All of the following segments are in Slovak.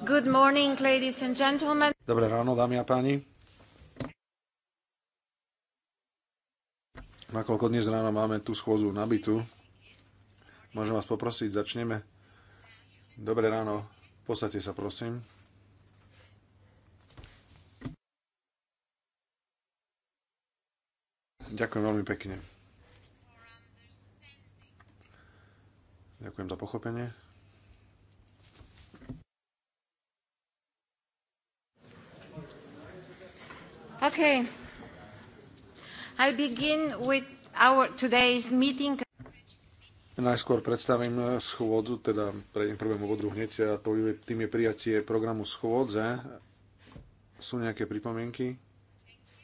Good morning, ladies and gentlemen. Dobré ráno, dámy a páni. Nakoľko dnes ráno máme tú schôzu nabitú, môžem vás poprosiť, začneme. Dobré ráno, posadte sa prosím. Ďakujem veľmi pekne. Ďakujem za pochopenie. Okay. I begin with our today's meeting. Najskôr predstavím schôdzu, teda prejdem prvému bodu hneď, a to je, tým je prijatie programu schôdze. Sú nejaké pripomienky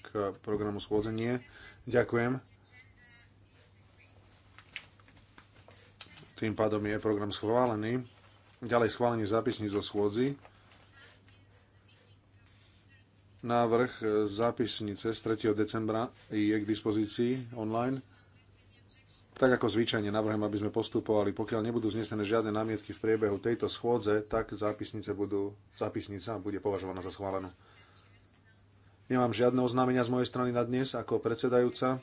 k programu schôdze? Nie. Ďakujem. Tým pádom je program schválený. Ďalej schválenie zápisní zo schôdzy. Návrh e, zápisnice z 3. decembra je k dispozícii online. Tak ako zvyčajne navrhujem, aby sme postupovali. Pokiaľ nebudú znesené žiadne námietky v priebehu tejto schôdze, tak zápisnice budú, zápisnica bude považovaná za schválenú. Nemám žiadne oznámenia z mojej strany na dnes ako predsedajúca.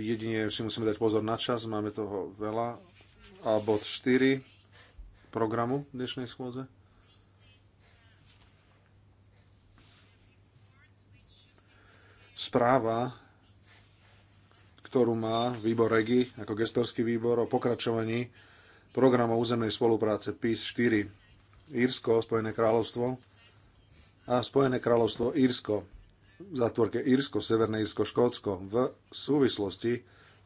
Jedine si musíme dať pozor na čas, máme toho veľa. A bod 4, programu dnešnej schôdze. Správa, ktorú má výbor REGI ako gestorský výbor o pokračovaní programu územnej spolupráce PIS 4 Írsko, Spojené kráľovstvo a Spojené kráľovstvo Írsko, v zátvorke Írsko, Severné Írsko, Škótsko v súvislosti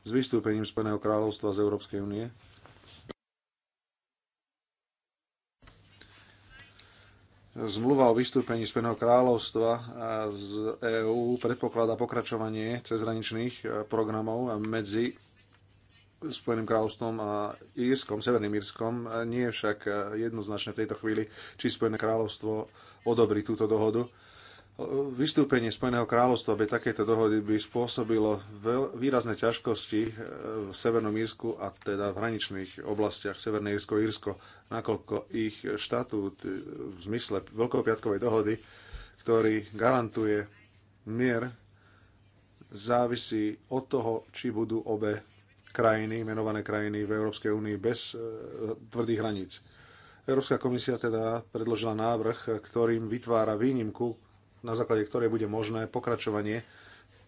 s vystúpením Spojeného kráľovstva z Európskej únie Zmluva o vystúpení Spojeného kráľovstva eh, z EÚ predpokladá pokračovanie cezhraničných eh, programov medzi Spojeným kráľovstvom a Írskom, Severným Írskom. Eh, nie je však jednoznačné v tejto chvíli, či Spojené kráľovstvo odobrí túto dohodu Vystúpenie Spojeného kráľovstva by takéto dohody by spôsobilo veľ, výrazné ťažkosti e, v Severnom Írsku a teda v hraničných oblastiach Severné Írsko, Írsko, nakoľko ich štatút e, v zmysle Veľkopiatkovej dohody, ktorý garantuje mier, závisí od toho, či budú obe krajiny, menované krajiny v Európskej únii bez e, tvrdých hraníc. Európska komisia teda predložila návrh, ktorým vytvára výnimku na základe ktorej bude možné pokračovanie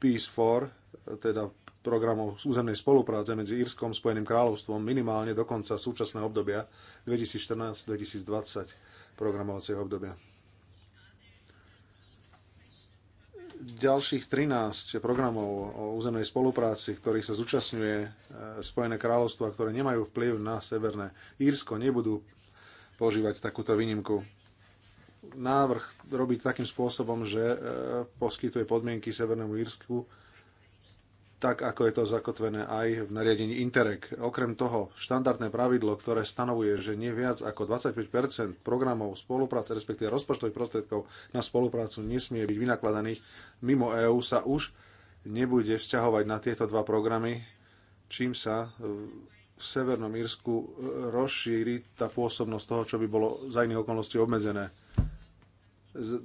Peace 4, teda programov územnej spolupráce medzi Írskom a Spojeným kráľovstvom minimálne do konca súčasného obdobia 2014-2020 programovacieho obdobia. ďalších 13 programov o územnej spolupráci, ktorých sa zúčastňuje e, Spojené kráľovstvo a ktoré nemajú vplyv na Severné Írsko, nebudú požívať takúto výnimku návrh robiť takým spôsobom, že e, poskytuje podmienky Severnému Írsku, tak ako je to zakotvené aj v nariadení Interreg. Okrem toho, štandardné pravidlo, ktoré stanovuje, že nie viac ako 25 programov spolupráce, respektíve rozpočtových prostriedkov na spoluprácu nesmie byť vynakladaných mimo EÚ, sa už nebude vzťahovať na tieto dva programy, čím sa v Severnom Írsku rozšíri tá pôsobnosť toho, čo by bolo za iných okolností obmedzené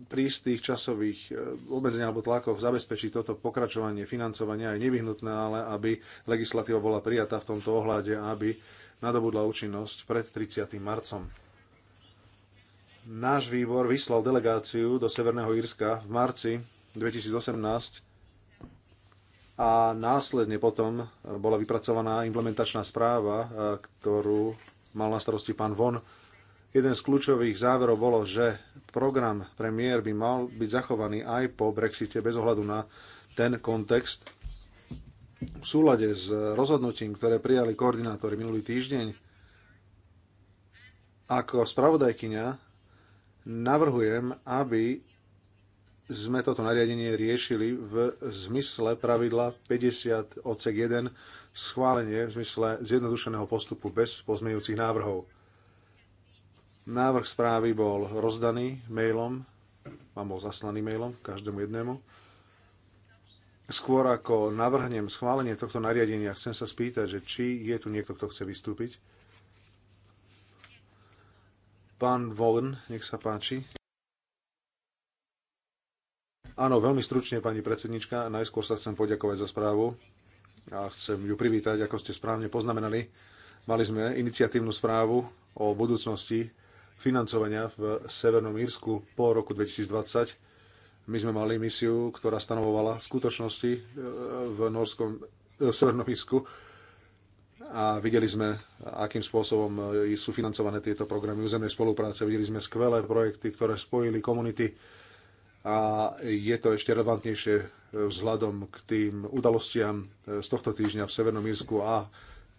pri tých časových e, obmedzeniach alebo tlakoch zabezpečiť toto pokračovanie financovania je nevyhnutné, ale aby legislatíva bola prijatá v tomto ohľade, aby nadobudla účinnosť pred 30. marcom. Náš výbor vyslal delegáciu do Severného Írska v marci 2018 a následne potom e, bola vypracovaná implementačná správa, e, ktorú mal na starosti pán Von Jeden z kľúčových záverov bolo, že program premiér by mal byť zachovaný aj po Brexite bez ohľadu na ten kontext. V súlade s rozhodnutím, ktoré prijali koordinátori minulý týždeň, ako spravodajkyňa navrhujem, aby sme toto nariadenie riešili v zmysle pravidla 50 odsek 1 schválenie v zmysle zjednodušeného postupu bez pozmeňujúcich návrhov. Návrh správy bol rozdaný mailom, vám bol zaslaný mailom, každému jednému. Skôr ako navrhnem schválenie tohto nariadenia, chcem sa spýtať, že či je tu niekto, kto chce vystúpiť. Pán Vogn, nech sa páči. Áno, veľmi stručne, pani predsednička. Najskôr sa chcem poďakovať za správu a chcem ju privítať, ako ste správne poznamenali. Mali sme iniciatívnu správu o budúcnosti financovania v Severnom Írsku po roku 2020. My sme mali misiu, ktorá stanovovala skutočnosti e, v, Norskom, e, v Severnom Írsku a videli sme, akým spôsobom e, sú financované tieto programy územnej spolupráce. Videli sme skvelé projekty, ktoré spojili komunity a je to ešte relevantnejšie vzhľadom k tým udalostiam z tohto týždňa v Severnom Írsku a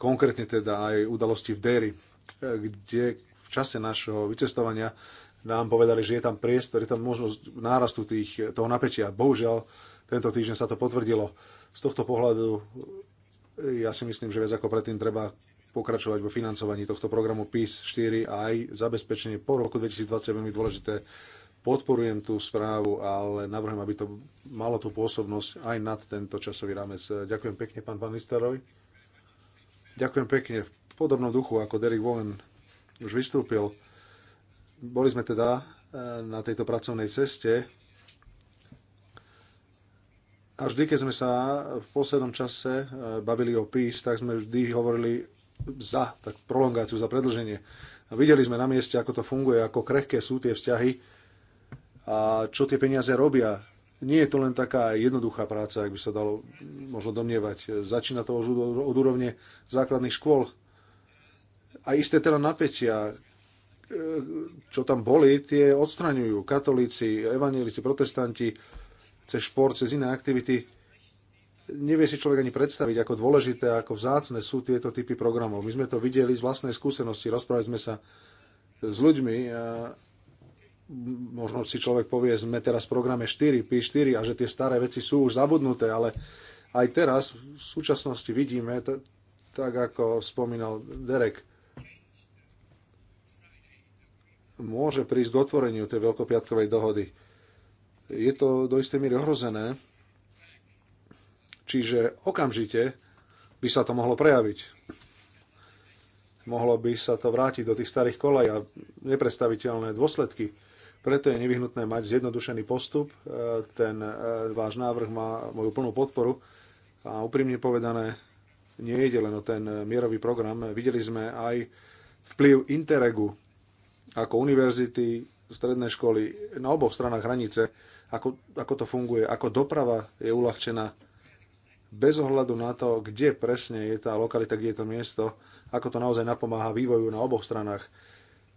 konkrétne teda aj udalosti v Déry, kde čase našho vycestovania nám povedali, že je tam priestor, je tam možnosť nárastu tých, toho napätia. Bohužiaľ, tento týždeň sa to potvrdilo. Z tohto pohľadu eh, ja si myslím, že viac ako predtým treba pokračovať vo financovaní tohto programu PIS 4 a aj zabezpečenie po roku 2020 je veľmi dôležité. Podporujem tú správu, ale navrhujem, aby to malo tú pôsobnosť aj nad tento časový rámec. Ďakujem pekne, pán pán Listeroj. Ďakujem pekne. V podobnom duchu ako Derek Wohen už vystúpil. Boli sme teda e, na tejto pracovnej ceste a vždy, keď sme sa v poslednom čase e, bavili o PIS, tak sme vždy hovorili za, tak prolongáciu, za predlženie. A videli sme na mieste, ako to funguje, ako krehké sú tie vzťahy a čo tie peniaze robia. Nie je to len taká jednoduchá práca, ak by sa dalo možno domnievať. Začína to už od úrovne základných škôl a isté teda napätia, e, čo tam boli, tie odstraňujú katolíci, evanílici, protestanti, cez šport, cez iné aktivity. Nevie si človek ani predstaviť, ako dôležité, ako vzácne sú tieto typy programov. My sme to videli z vlastnej skúsenosti, rozprávali sme sa s ľuďmi a možno si človek povie, sme teraz v programe 4, P4 a že tie staré veci sú už zabudnuté, ale aj teraz v súčasnosti vidíme, tak ako spomínal Derek, môže prísť k otvoreniu tej veľkopiatkovej dohody. Je to do istej miery ohrozené, čiže okamžite by sa to mohlo prejaviť. Mohlo by sa to vrátiť do tých starých kolej a nepredstaviteľné dôsledky. Preto je nevyhnutné mať zjednodušený postup. E, ten e, váš návrh má moju plnú podporu a úprimne povedané, nie je len o ten mierový program. Videli sme aj vplyv Interregu ako univerzity, stredné školy, na oboch stranách hranice, ako, ako to funguje, ako doprava je uľahčená, bez ohľadu na to, kde presne je tá lokalita, kde je to miesto, ako to naozaj napomáha vývoju na oboch stranách.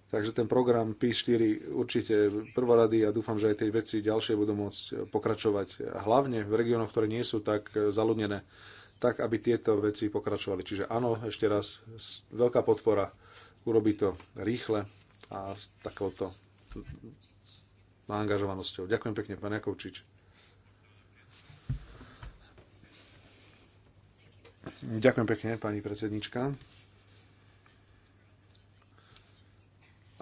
Takže ten program P4 určite prvorady a dúfam, že aj tie veci ďalšie budú môcť pokračovať. Hlavne v regiónoch, ktoré nie sú tak zaludnené, tak aby tieto veci pokračovali. Čiže áno, ešte raz, veľká podpora urobiť to rýchle, a s takouto angažovanosťou. Ďakujem pekne, pán Jakovčič. Ďakujem pekne, pani predsednička.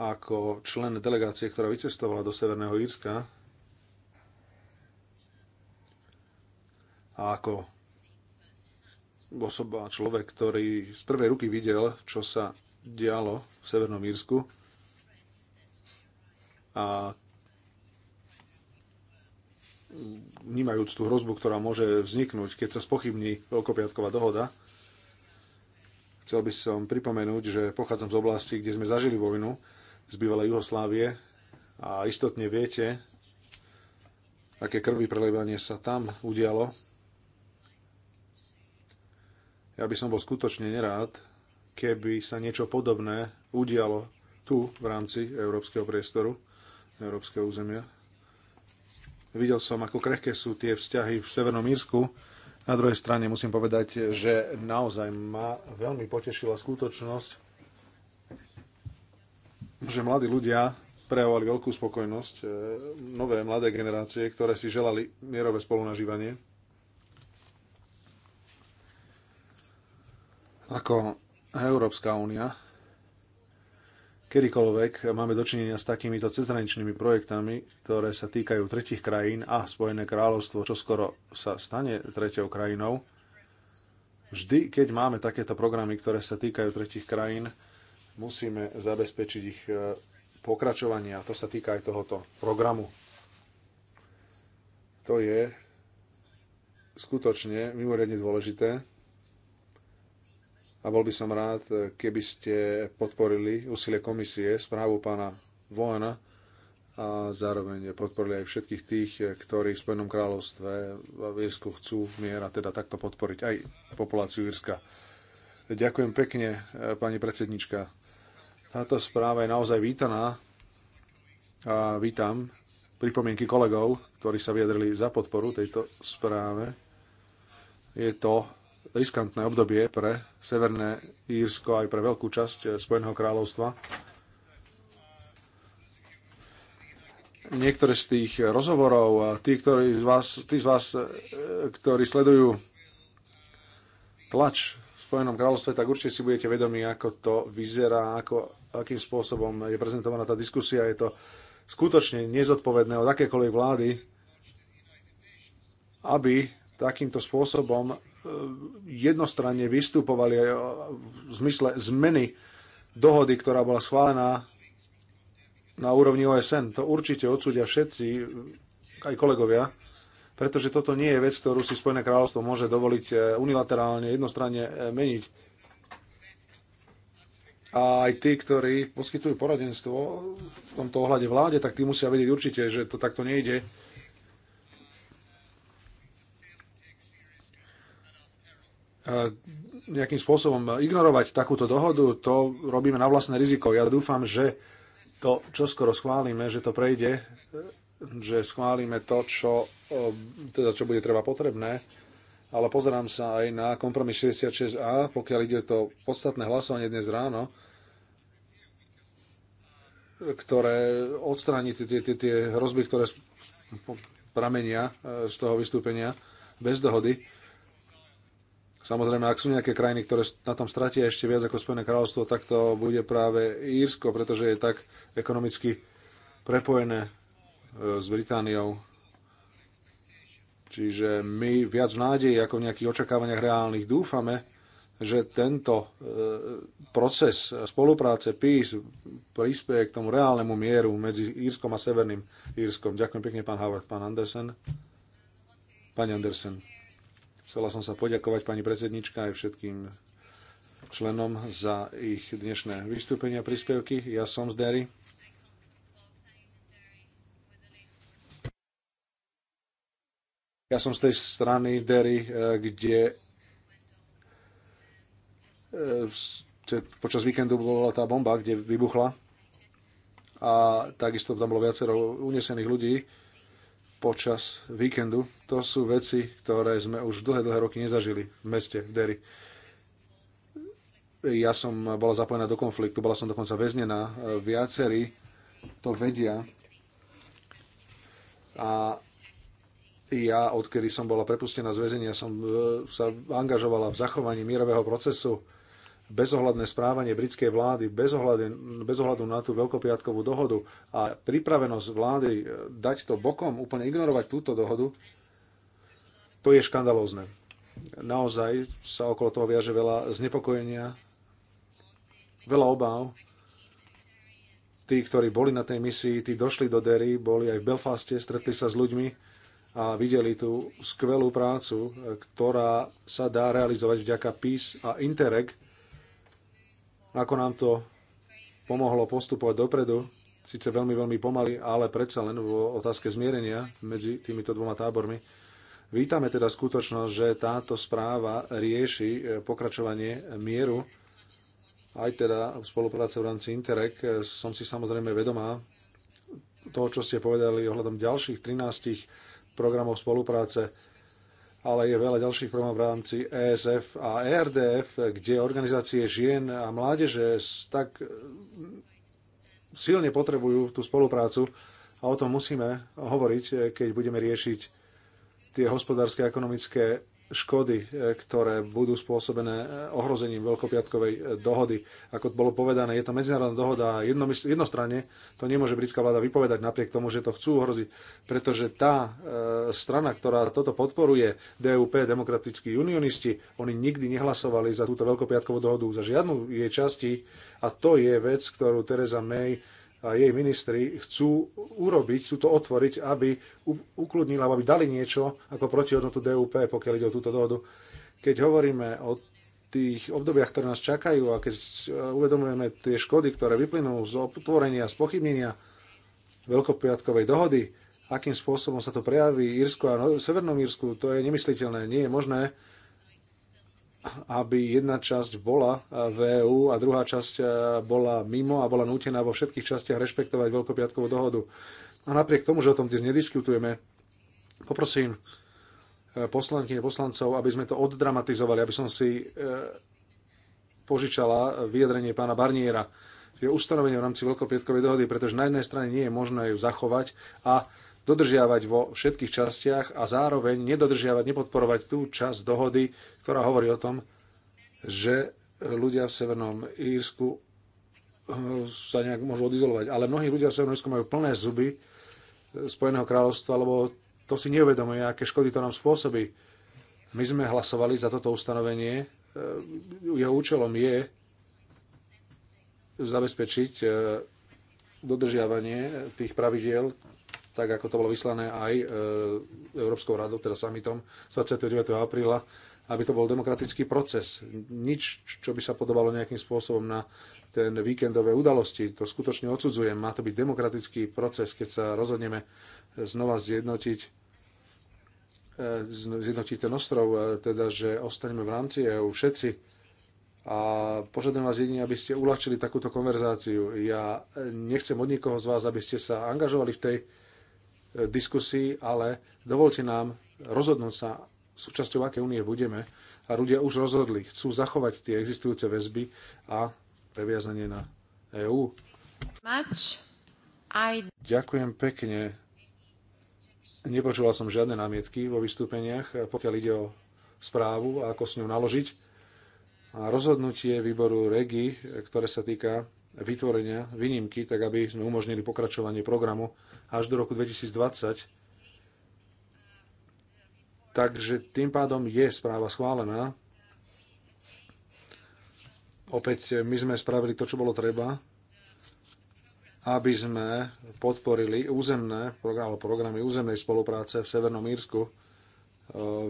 Ako člen delegácie, ktorá vycestovala do Severného Írska a ako osoba, človek, ktorý z prvej ruky videl, čo sa dialo v Severnom Írsku, a vnímajúc tú hrozbu, ktorá môže vzniknúť, keď sa spochybní veľkopiatková dohoda, chcel by som pripomenúť, že pochádzam z oblasti, kde sme zažili vojnu z bývalej Juhoslávie a istotne viete, aké krvi prelevanie sa tam udialo. Ja by som bol skutočne nerád, keby sa niečo podobné udialo tu v rámci európskeho priestoru európskeho územia. Videl som, ako krehké sú tie vzťahy v Severnom Írsku. Na druhej strane musím povedať, že naozaj ma veľmi potešila skutočnosť, že mladí ľudia prejavovali veľkú spokojnosť, e, nové mladé generácie, ktoré si želali mierové spolunažívanie. Ako Európska únia kedykoľvek máme dočinenia s takýmito cezhraničnými projektami, ktoré sa týkajú tretich krajín a Spojené kráľovstvo, čo skoro sa stane tretiou krajinou, vždy, keď máme takéto programy, ktoré sa týkajú tretich krajín, musíme zabezpečiť ich e, pokračovanie a to sa týka aj tohoto programu. To je skutočne mimoriadne dôležité a bol by som rád, keby ste podporili úsilie komisie, správu pána Vojna a zároveň podporili aj všetkých tých, ktorí v Spojenom kráľovstve v Írsku chcú mier a teda takto podporiť aj populáciu Írska. Ďakujem pekne, pani predsednička. Táto správa je naozaj vítaná a vítam pripomienky kolegov, ktorí sa vyjadrili za podporu tejto správe. Je to riskantné obdobie pre Severné Írsko aj pre veľkú časť eh, Spojeného kráľovstva. Niektoré z tých rozhovorov, tí, ktorí z vás, tí z vás eh, ktorí sledujú tlač v Spojenom kráľovstve, tak určite si budete vedomi, ako to vyzerá, ako, akým spôsobom je prezentovaná tá diskusia. Je to skutočne nezodpovedné od akékoľvek vlády, aby takýmto spôsobom jednostranne vystupovali e, v zmysle zmeny dohody, ktorá bola schválená na úrovni OSN. To určite odsúdia všetci, aj kolegovia, pretože toto nie je vec, ktorú si Spojené kráľovstvo môže dovoliť e, unilaterálne, jednostranne e, meniť. A aj tí, ktorí poskytujú poradenstvo v tomto ohľade vláde, tak tí musia vedieť určite, že to takto nejde nejakým spôsobom ignorovať takúto dohodu, to robíme na vlastné riziko. Ja dúfam, že to čo skoro schválime, že to prejde, že schválime to, čo, teda čo bude treba potrebné, ale pozerám sa aj na kompromis 66a, pokiaľ ide to podstatné hlasovanie dnes ráno, ktoré odstráni tie, tie, tie hrozby, ktoré pramenia e, z toho vystúpenia bez dohody Samozrejme, ak sú nejaké krajiny, ktoré na tom stratia ešte viac ako Spojené kráľovstvo, tak to bude práve Írsko, pretože je tak ekonomicky prepojené e, s Britániou. Čiže my viac v nádeji ako v nejakých očakávaniach reálnych dúfame, že tento e, proces spolupráce PIS prispieje k tomu reálnemu mieru medzi Írskom a Severným Írskom. Ďakujem pekne, pán Howard, pán Andersen. Pani Andersen. Chcela som sa poďakovať pani predsednička aj všetkým členom za ich dnešné vystúpenia a príspevky. Ja som z Derry. Ja som z tej strany Derry, eh, kde eh, počas víkendu bola tá bomba, kde vybuchla a takisto tam bolo viacero unesených ľudí počas víkendu. To sú veci, ktoré sme už dlhé, dlhé roky nezažili v meste v Derry. Ja som bola zapojená do konfliktu, bola som dokonca väznená. Viacerí to vedia. A ja, odkedy som bola prepustená z väzenia, som sa angažovala v zachovaní mierového procesu bezohľadné správanie britskej vlády, bez ohľadu, na tú veľkopiatkovú dohodu a pripravenosť vlády eh, dať to bokom, úplne ignorovať túto dohodu, to je škandalózne. Naozaj sa okolo toho viaže veľa znepokojenia, veľa obáv. Tí, ktorí boli na tej misii, tí došli do Derry, boli aj v Belfaste, stretli sa s ľuďmi a videli tú skvelú prácu, eh, ktorá sa dá realizovať vďaka PIS a Interreg, ako nám to pomohlo postupovať dopredu, síce veľmi, veľmi pomaly, ale predsa len v otázke zmierenia medzi týmito dvoma tábormi. Vítame teda skutočnosť, že táto správa rieši e, pokračovanie mieru, aj teda spolupráce v rámci Interreg. E, som si samozrejme vedomá toho, čo ste povedali ohľadom ďalších 13 programov spolupráce ale je veľa ďalších problémov v rámci ESF a ERDF, kde organizácie žien a mládeže tak silne potrebujú tú spoluprácu a o tom musíme hovoriť, keď budeme riešiť tie hospodárske a ekonomické škody, e, ktoré budú spôsobené e, ohrozením Veľkopiatkovej e, dohody. Ako bolo povedané, je to medzinárodná dohoda a jednostranne to nemôže britská vláda vypovedať napriek tomu, že to chcú ohroziť, pretože tá strana, ktorá toto podporuje, DUP, demokratickí unionisti, oni nikdy nehlasovali za túto Veľkopiatkovú dohodu, za žiadnu jej časti a to je vec, ktorú Teresa May a jej ministri chcú urobiť, chcú to otvoriť, aby ukludnila, aby dali niečo ako protihodnotu DUP, pokiaľ ide o túto dohodu. Keď hovoríme o tých obdobiach, ktoré nás čakajú a keď uvedomujeme tie škody, ktoré vyplynú z otvorenia, z pochybnenia Veľkopiatkovej dohody, akým spôsobom sa to prejaví Írsko a Severnom Írsku, to je nemysliteľné. Nie je možné, aby jedna časť bola eh, v EÚ a druhá časť eh, bola mimo a bola nútená vo všetkých častiach rešpektovať Veľkopiatkovú dohodu. A napriek tomu, že o tom dnes nediskutujeme, poprosím eh, poslankyne poslancov, aby sme to oddramatizovali, aby som si požičala vyjadrenie pána Barniera, že ustanovenie v rámci Veľkopiatkovej dohody, pretože na jednej strane nie je možné ju zachovať a dodržiavať vo všetkých častiach a zároveň nedodržiavať, nepodporovať tú časť dohody, ktorá hovorí o tom, že ľudia v Severnom Írsku eh, sa nejak môžu odizolovať. Ale mnohí ľudia v Severnom Írsku majú plné zuby Spojeného kráľovstva, lebo to si neuvedomuje, aké škody to nám spôsobí. My sme hlasovali za toto ustanovenie. Eh, jeho účelom je zabezpečiť eh, dodržiavanie tých pravidiel, tak ako to bolo vyslané aj e, Európskou radou, teda summitom 29. apríla, aby to bol demokratický proces. Nič, čo by sa podobalo nejakým spôsobom na ten víkendové udalosti, to skutočne odsudzujem. Má to byť demokratický proces, keď sa rozhodneme znova zjednotiť e, zjednotiť ten ostrov, e, teda, že ostaneme v rámci EU všetci. A požiadam vás jedine, aby ste uľahčili takúto konverzáciu. Ja nechcem od nikoho z vás, aby ste sa angažovali v tej diskusii, ale dovolte nám rozhodnúť sa, súčasťou aké únie budeme. A ľudia už rozhodli, chcú zachovať tie existujúce väzby a previazanie na EÚ. I... Ďakujem pekne. Nepočúval som žiadne námietky vo vystúpeniach, pokiaľ ide o správu a ako s ňou naložiť. A rozhodnutie výboru REGI, ktoré sa týka vytvorenia výnimky, tak aby sme umožnili pokračovanie programu až do roku 2020. Takže tým pádom je správa schválená. Opäť my sme spravili to, čo bolo treba, aby sme podporili územné programy, programy územnej spolupráce v Severnom Írsku e,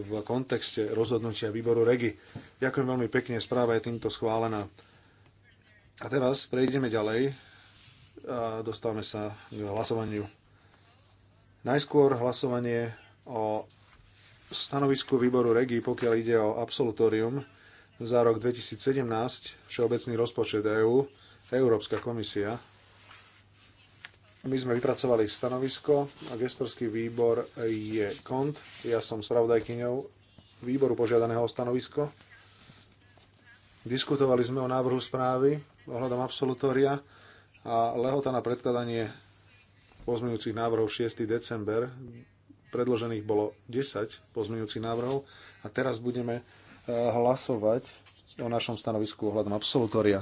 v kontexte rozhodnutia výboru REGI. Ďakujem veľmi pekne, správa je týmto schválená. A teraz prejdeme ďalej a dostávame sa k hlasovaniu. Najskôr hlasovanie o stanovisku výboru REGI, pokiaľ ide o absolutórium za rok 2017, Všeobecný rozpočet EÚ, EU, Európska komisia. My sme vypracovali stanovisko a gestorský výbor je KONT. Ja som spravodajkyňou výboru požiadaného o stanovisko. Diskutovali sme o návrhu správy ohľadom absolutória a lehota na predkladanie pozmeňujúcich návrhov 6. december. Predložených bolo 10 pozmeňujúcich návrhov a teraz budeme eh, hlasovať o našom stanovisku ohľadom absolutória.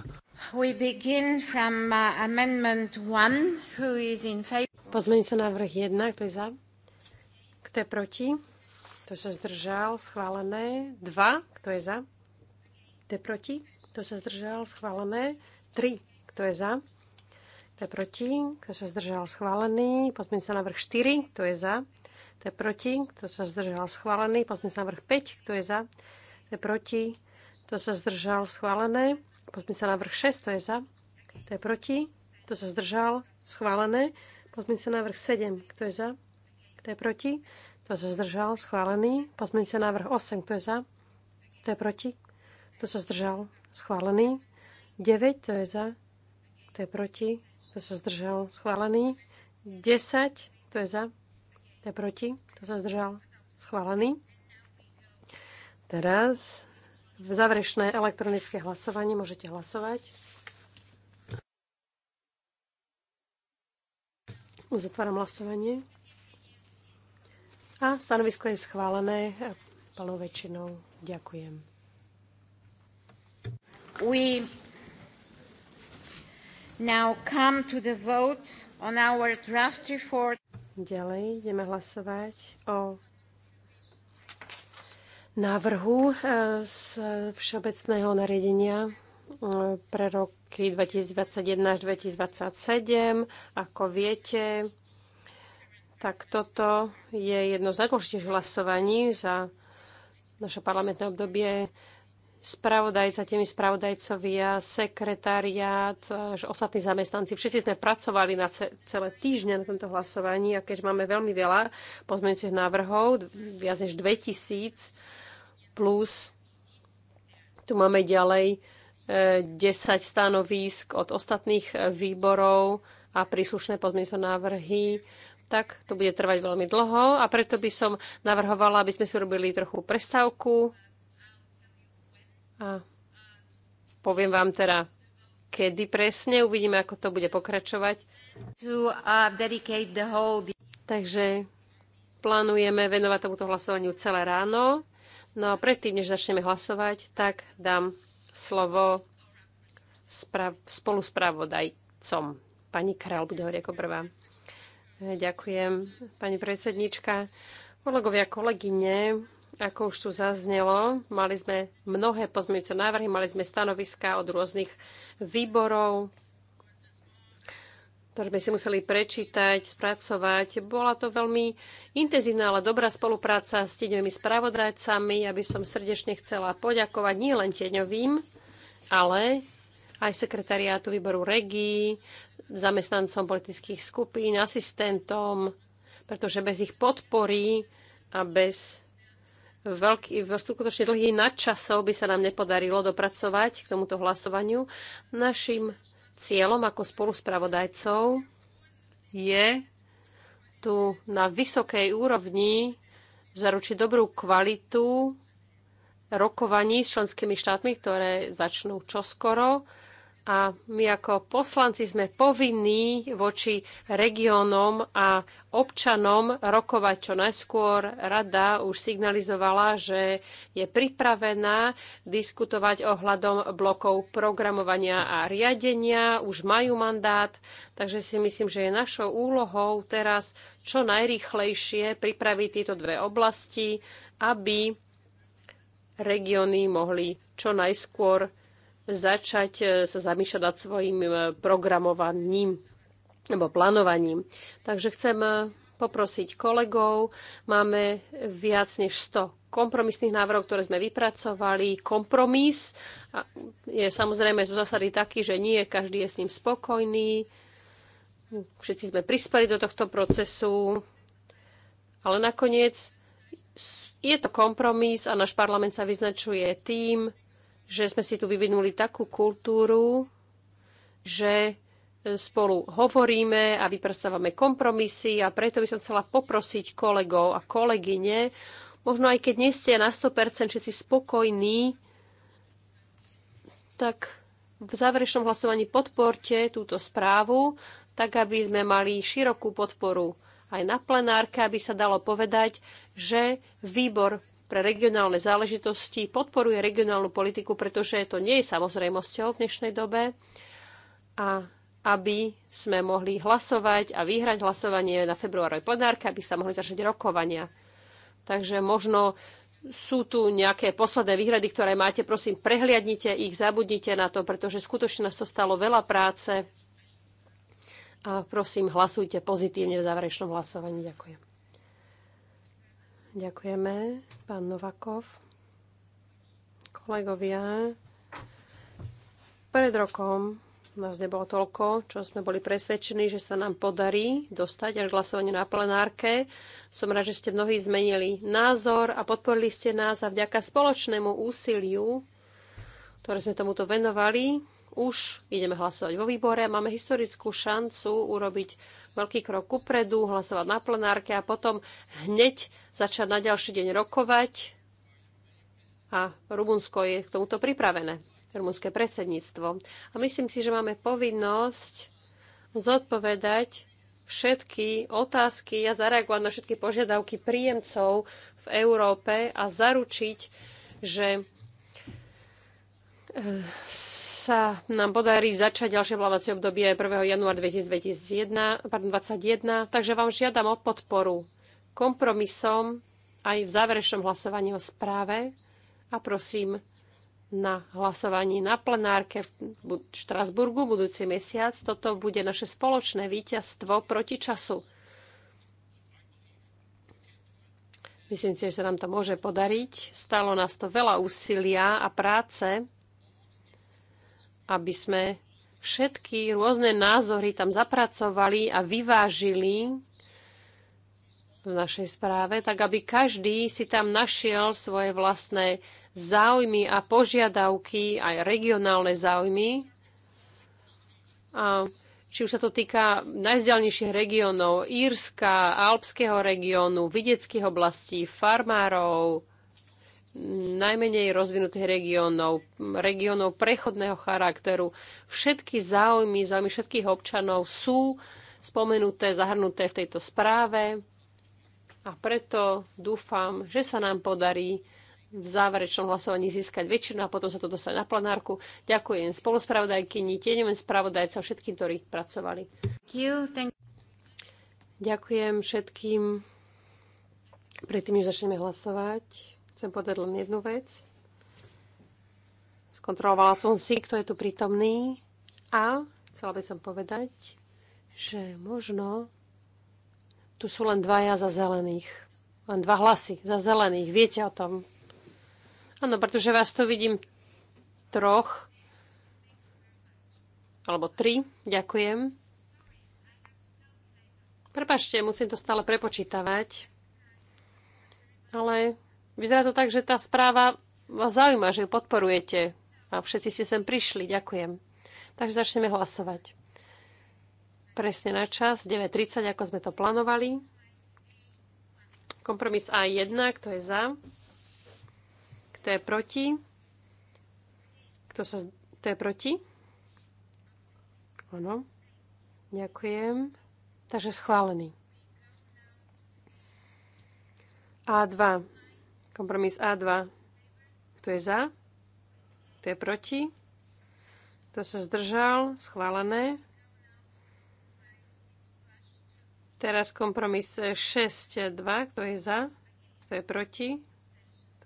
We begin from uh, amendment who is in favor. návrh 1, kto je za? Kto je proti? Kto sa zdržal? Schválené. 2, kto je za? Kto je proti? Kto sa zdržal? Schválené. 3. Kto je za? Kto je proti? Kto sa zdržal? Schválený. na vrch 4. Kto je za? Kto je proti? Kto sa zdržal? Schválený. na vrch 5. Kto je za? Kto je proti? Kto sa zdržal? Schválené. na vrch 6. Kto je za? Kto je proti? Kto sa zdržal? Schválené. na vrch 7. Kto je za? Kto je proti? Kto sa zdržal? Schválený. na vrch 8. Kto je za? Kto je proti? to sa zdržal, schválený. 9, to je za, to je proti, to sa zdržal, schválený. 10, to je za, to je proti, to sa zdržal, schválený. Teraz v záverečné elektronické hlasovanie môžete hlasovať. Uzatváram hlasovanie. A stanovisko je schválené plnou väčšinou. Ďakujem. We now come to the vote on our draft report. Ďalej ideme hlasovať o návrhu e, z Všeobecného nariadenia e, pre roky 2021 až 2027. Ako viete, tak toto je jedno z najdôležitejších hlasovaní za naše parlamentné obdobie spravodajca, tými spravodajcovia, sekretariát, e, ostatní zamestnanci. Všetci sme pracovali na ce celé týždne na tomto hlasovaní a keďže máme veľmi veľa pozmeňujúcich návrhov, viac než 2000, plus tu máme ďalej 10 e, stanovísk od ostatných e, výborov a príslušné pozmeňujúce návrhy tak to bude trvať veľmi dlho a preto by som navrhovala, aby sme si robili trochu prestávku a poviem vám teda, kedy presne, uvidíme, ako to bude pokračovať. Uh, Takže plánujeme venovať tomuto hlasovaniu celé ráno. No a predtým, než začneme hlasovať, tak dám slovo sprav- spoluspravodajcom. Pani Král bude hovoriť ako prvá. Ďakujem, pani predsednička. Kolegovia, kolegyne, ako už tu zaznelo, mali sme mnohé pozmeňujúce návrhy, mali sme stanoviska od rôznych výborov, ktoré sme si museli prečítať, spracovať. Bola to veľmi intenzívna, ale dobrá spolupráca s tieňovými spravodajcami. Ja by som srdečne chcela poďakovať nielen tieňovým, ale aj sekretariátu výboru REGI, zamestnancom politických skupín, asistentom, pretože bez ich podpory a bez veľký, skutočne dlhý nadčasov by sa nám nepodarilo dopracovať k tomuto hlasovaniu. Našim cieľom ako spoluspravodajcov je tu na vysokej úrovni zaručiť dobrú kvalitu rokovaní s členskými štátmi, ktoré začnú čoskoro a my ako poslanci sme povinní voči regiónom a občanom rokovať čo najskôr. Rada už signalizovala, že je pripravená diskutovať ohľadom blokov programovania a riadenia, už majú mandát, takže si myslím, že je našou úlohou teraz čo najrýchlejšie pripraviť tieto dve oblasti, aby regióny mohli čo najskôr začať e, sa zamýšľať nad svojim e, programovaním alebo plánovaním. Takže chcem e, poprosiť kolegov. Máme viac než 100 kompromisných návrhov, ktoré sme vypracovali. Kompromis je samozrejme zo zásady taký, že nie každý je s ním spokojný. Všetci sme prispeli do tohto procesu, ale nakoniec je to kompromis a náš parlament sa vyznačuje tým, že sme si tu vyvinuli takú kultúru, že spolu hovoríme a vypracávame kompromisy a preto by som chcela poprosiť kolegov a kolegyne, možno aj keď nie ste na 100% všetci spokojní, tak v záverečnom hlasovaní podporte túto správu, tak aby sme mali širokú podporu aj na plenárke, aby sa dalo povedať, že výbor pre regionálne záležitosti, podporuje regionálnu politiku, pretože to nie je samozrejmosťou v dnešnej dobe. A aby sme mohli hlasovať a vyhrať hlasovanie na februárovej plenárke, aby sa mohli začať rokovania. Takže možno sú tu nejaké posledné výhrady, ktoré máte, prosím, prehliadnite ich, zabudnite na to, pretože skutočne nás to stalo veľa práce. A prosím, hlasujte pozitívne v záverečnom hlasovaní. Ďakujem. Ďakujeme, pán Novakov. Kolegovia, pred rokom nás nebolo toľko, čo sme boli presvedčení, že sa nám podarí dostať až hlasovanie na plenárke. Som rád, že ste mnohí zmenili názor a podporili ste nás a vďaka spoločnému úsiliu, ktoré sme tomuto venovali, už ideme hlasovať vo výbore a máme historickú šancu urobiť veľký krok kupredu, hlasovať na plenárke a potom hneď začať na ďalší deň rokovať. A Rumunsko je k tomuto pripravené, rumunské predsedníctvo. A myslím si, že máme povinnosť zodpovedať všetky otázky a zareagovať na všetky požiadavky príjemcov v Európe a zaručiť, že eh, sa nám podarí začať ďalšie plávacie obdobie 1. január 2021, pardon, 2021, takže vám žiadam o podporu kompromisom aj v záverečnom hlasovaní o správe a prosím na hlasovaní na plenárke v Štrasburgu budúci mesiac. Toto bude naše spoločné víťazstvo proti času. Myslím si, že sa nám to môže podariť. Stalo nás to veľa úsilia a práce aby sme všetky rôzne názory tam zapracovali a vyvážili v našej správe, tak aby každý si tam našiel svoje vlastné záujmy a požiadavky, aj regionálne záujmy. A či už sa to týka najzdialnejších regiónov, Írska, Alpského regiónu, Videckých oblastí, farmárov, najmenej rozvinutých regiónov, regiónov prechodného charakteru. Všetky záujmy, záujmy všetkých občanov sú spomenuté, zahrnuté v tejto správe a preto dúfam, že sa nám podarí v záverečnom hlasovaní získať väčšinu a potom sa to dostane na plenárku. Ďakujem spoluspravodajkyni, tieňovým spravodajca všetkým, ktorí pracovali. Ďakujem všetkým. Predtým, než začneme hlasovať, Chcem povedať len jednu vec. Skontrolovala som si, kto je tu prítomný a chcela by som povedať, že možno tu sú len dvaja za zelených. Len dva hlasy za zelených. Viete o tom? Áno, pretože vás tu vidím troch alebo tri. Ďakujem. Prepašte, musím to stále prepočítavať. Ale Vyzerá to tak, že tá správa vás zaujíma, že ju podporujete a všetci ste sem prišli. Ďakujem. Takže začneme hlasovať. Presne na čas, 9.30, ako sme to plánovali. Kompromis A1, kto je za, kto je proti, kto, sa, kto je proti. Áno, ďakujem. Takže schválený. A2. Kompromis A2. Kto je za? Kto je proti? Kto sa zdržal? Schválené. Teraz kompromis 6.2. Kto je za? Kto je proti?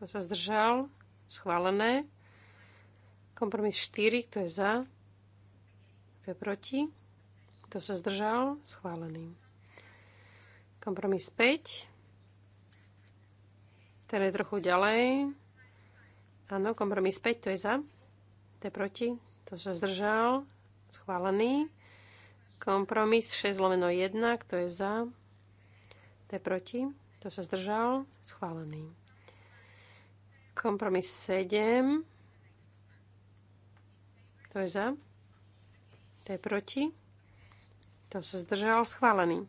Kto sa zdržal? Schválené. Kompromis 4. Kto je za? Kto je proti? Kto sa zdržal? Schválený. Kompromis 5. Ten je trochu ďalej. Áno, kompromis 5, to je za. To je proti. To sa zdržal. Schválený. Kompromis 6 lomeno 1, kto je za. To je proti. To sa zdržal. Schválený. Kompromis 7. To je za. To je proti. To sa zdržal. Schválený.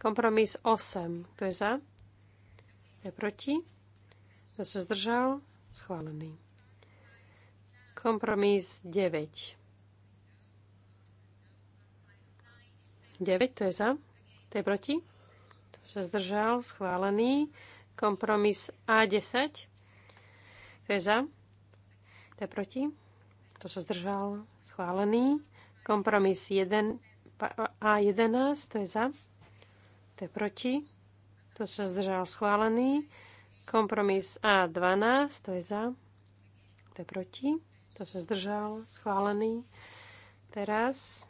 Kompromis 8. To je za. To je proti. Kto sa zdržal? Schválený. Kompromis 9. 9, to je za. To je proti. To sa zdržal. Schválený. Kompromis A10. To je za. To je proti. To sa zdržal. Schválený. Kompromis 1, A11. To je za. To je proti. To sa zdržal. Schválený. Kompromis A12, to je za, to je proti, to sa zdržal, schválený. Teraz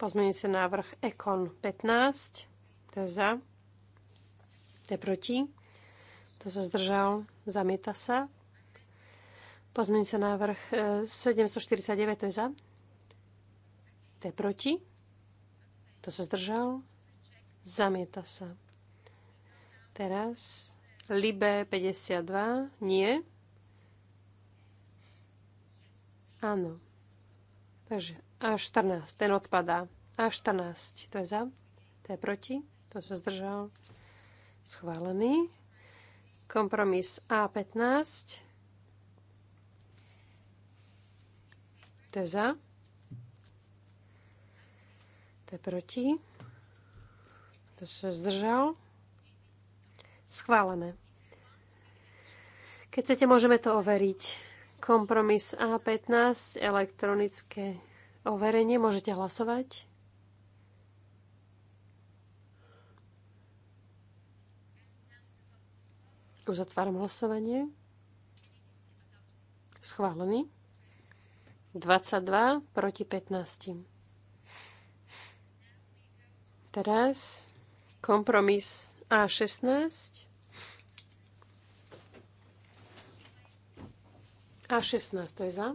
pozmeňujúci návrh Ekon 15, to je za, to je proti, to sa zdržal, zamieta sa. Pozmeňujúci návrh 749, e, to je za, to je proti, to sa zdržal, zamieta sa. Teraz Libé 52, nie. Áno. Takže A14, ten odpadá. A14, to je za, to je proti, to sa zdržal. Schválený. Kompromis A15, to je za, to je proti, to sa zdržal. Schválené. Keď chcete, môžeme to overiť. Kompromis A15, elektronické overenie. Môžete hlasovať. Uzatváram hlasovanie. Schválený. 22 proti 15. Teraz kompromis a16. A16, to je za.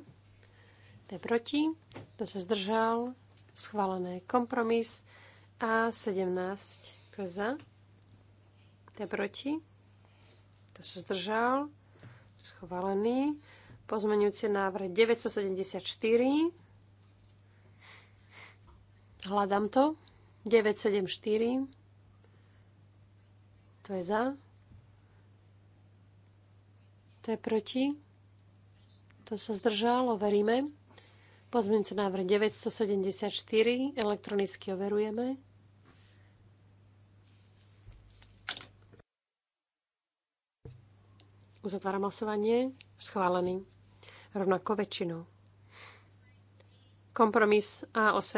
To je proti. To sa zdržal. Schválené. Kompromis. A17, to je za. To je proti. To sa zdržal. Schválený. Pozmenujúci návrh 974. Hľadám to. 974. To je za. To je proti. To sa zdržalo, veríme. Pozmeňujúci návrh 974, elektronicky overujeme. Uzatváram hlasovanie. Schválený. Rovnako väčšinou. Kompromis A18.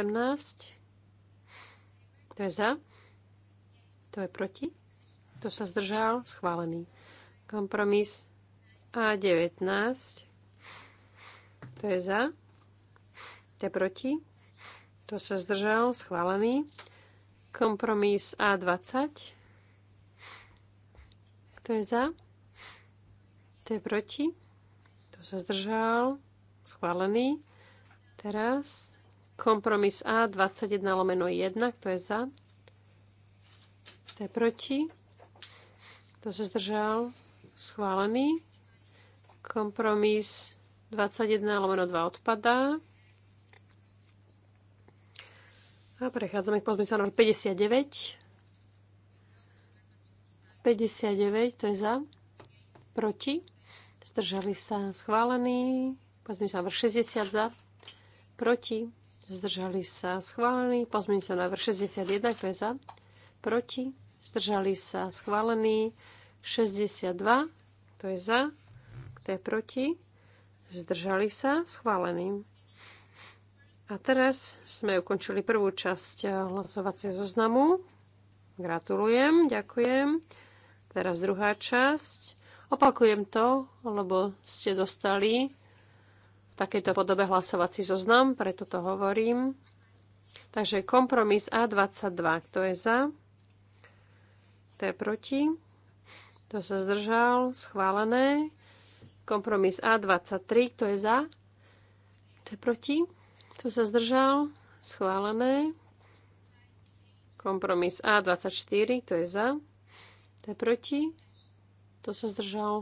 To je za. To je proti. Kto sa zdržal? Schválený. Kompromis A19. To je za. To je proti. Kto sa zdržal? Schválený. Kompromis A20. Kto je za? To je proti. Kto sa zdržal? Schválený. Teraz kompromis A21 lomeno 1. Kto je za? To je proti. Kto sa zdržal? Schválený. Kompromis 21 lomeno 2 odpadá. A prechádzame k pozmeňovaciu 59. 59, to je za. Proti. Zdržali sa schválený. Pozmeňovací návrh 60 za. Proti. Zdržali sa schválený. Pozmeňovací návrh 61, to je za. Proti zdržali sa schválení 62, to je za, kto je proti, zdržali sa schválení. A teraz sme ukončili prvú časť eh, hlasovacieho zoznamu. Gratulujem, ďakujem. Teraz druhá časť. Opakujem to, lebo ste dostali v takejto podobe hlasovací zoznam, preto to hovorím. Takže kompromis A22, kto je za? kto je proti, kto sa zdržal, schválené. Kompromis A23, kto je za, kto je proti, kto sa zdržal, schválené. Kompromis A24, kto je za, kto je proti, kto sa zdržal,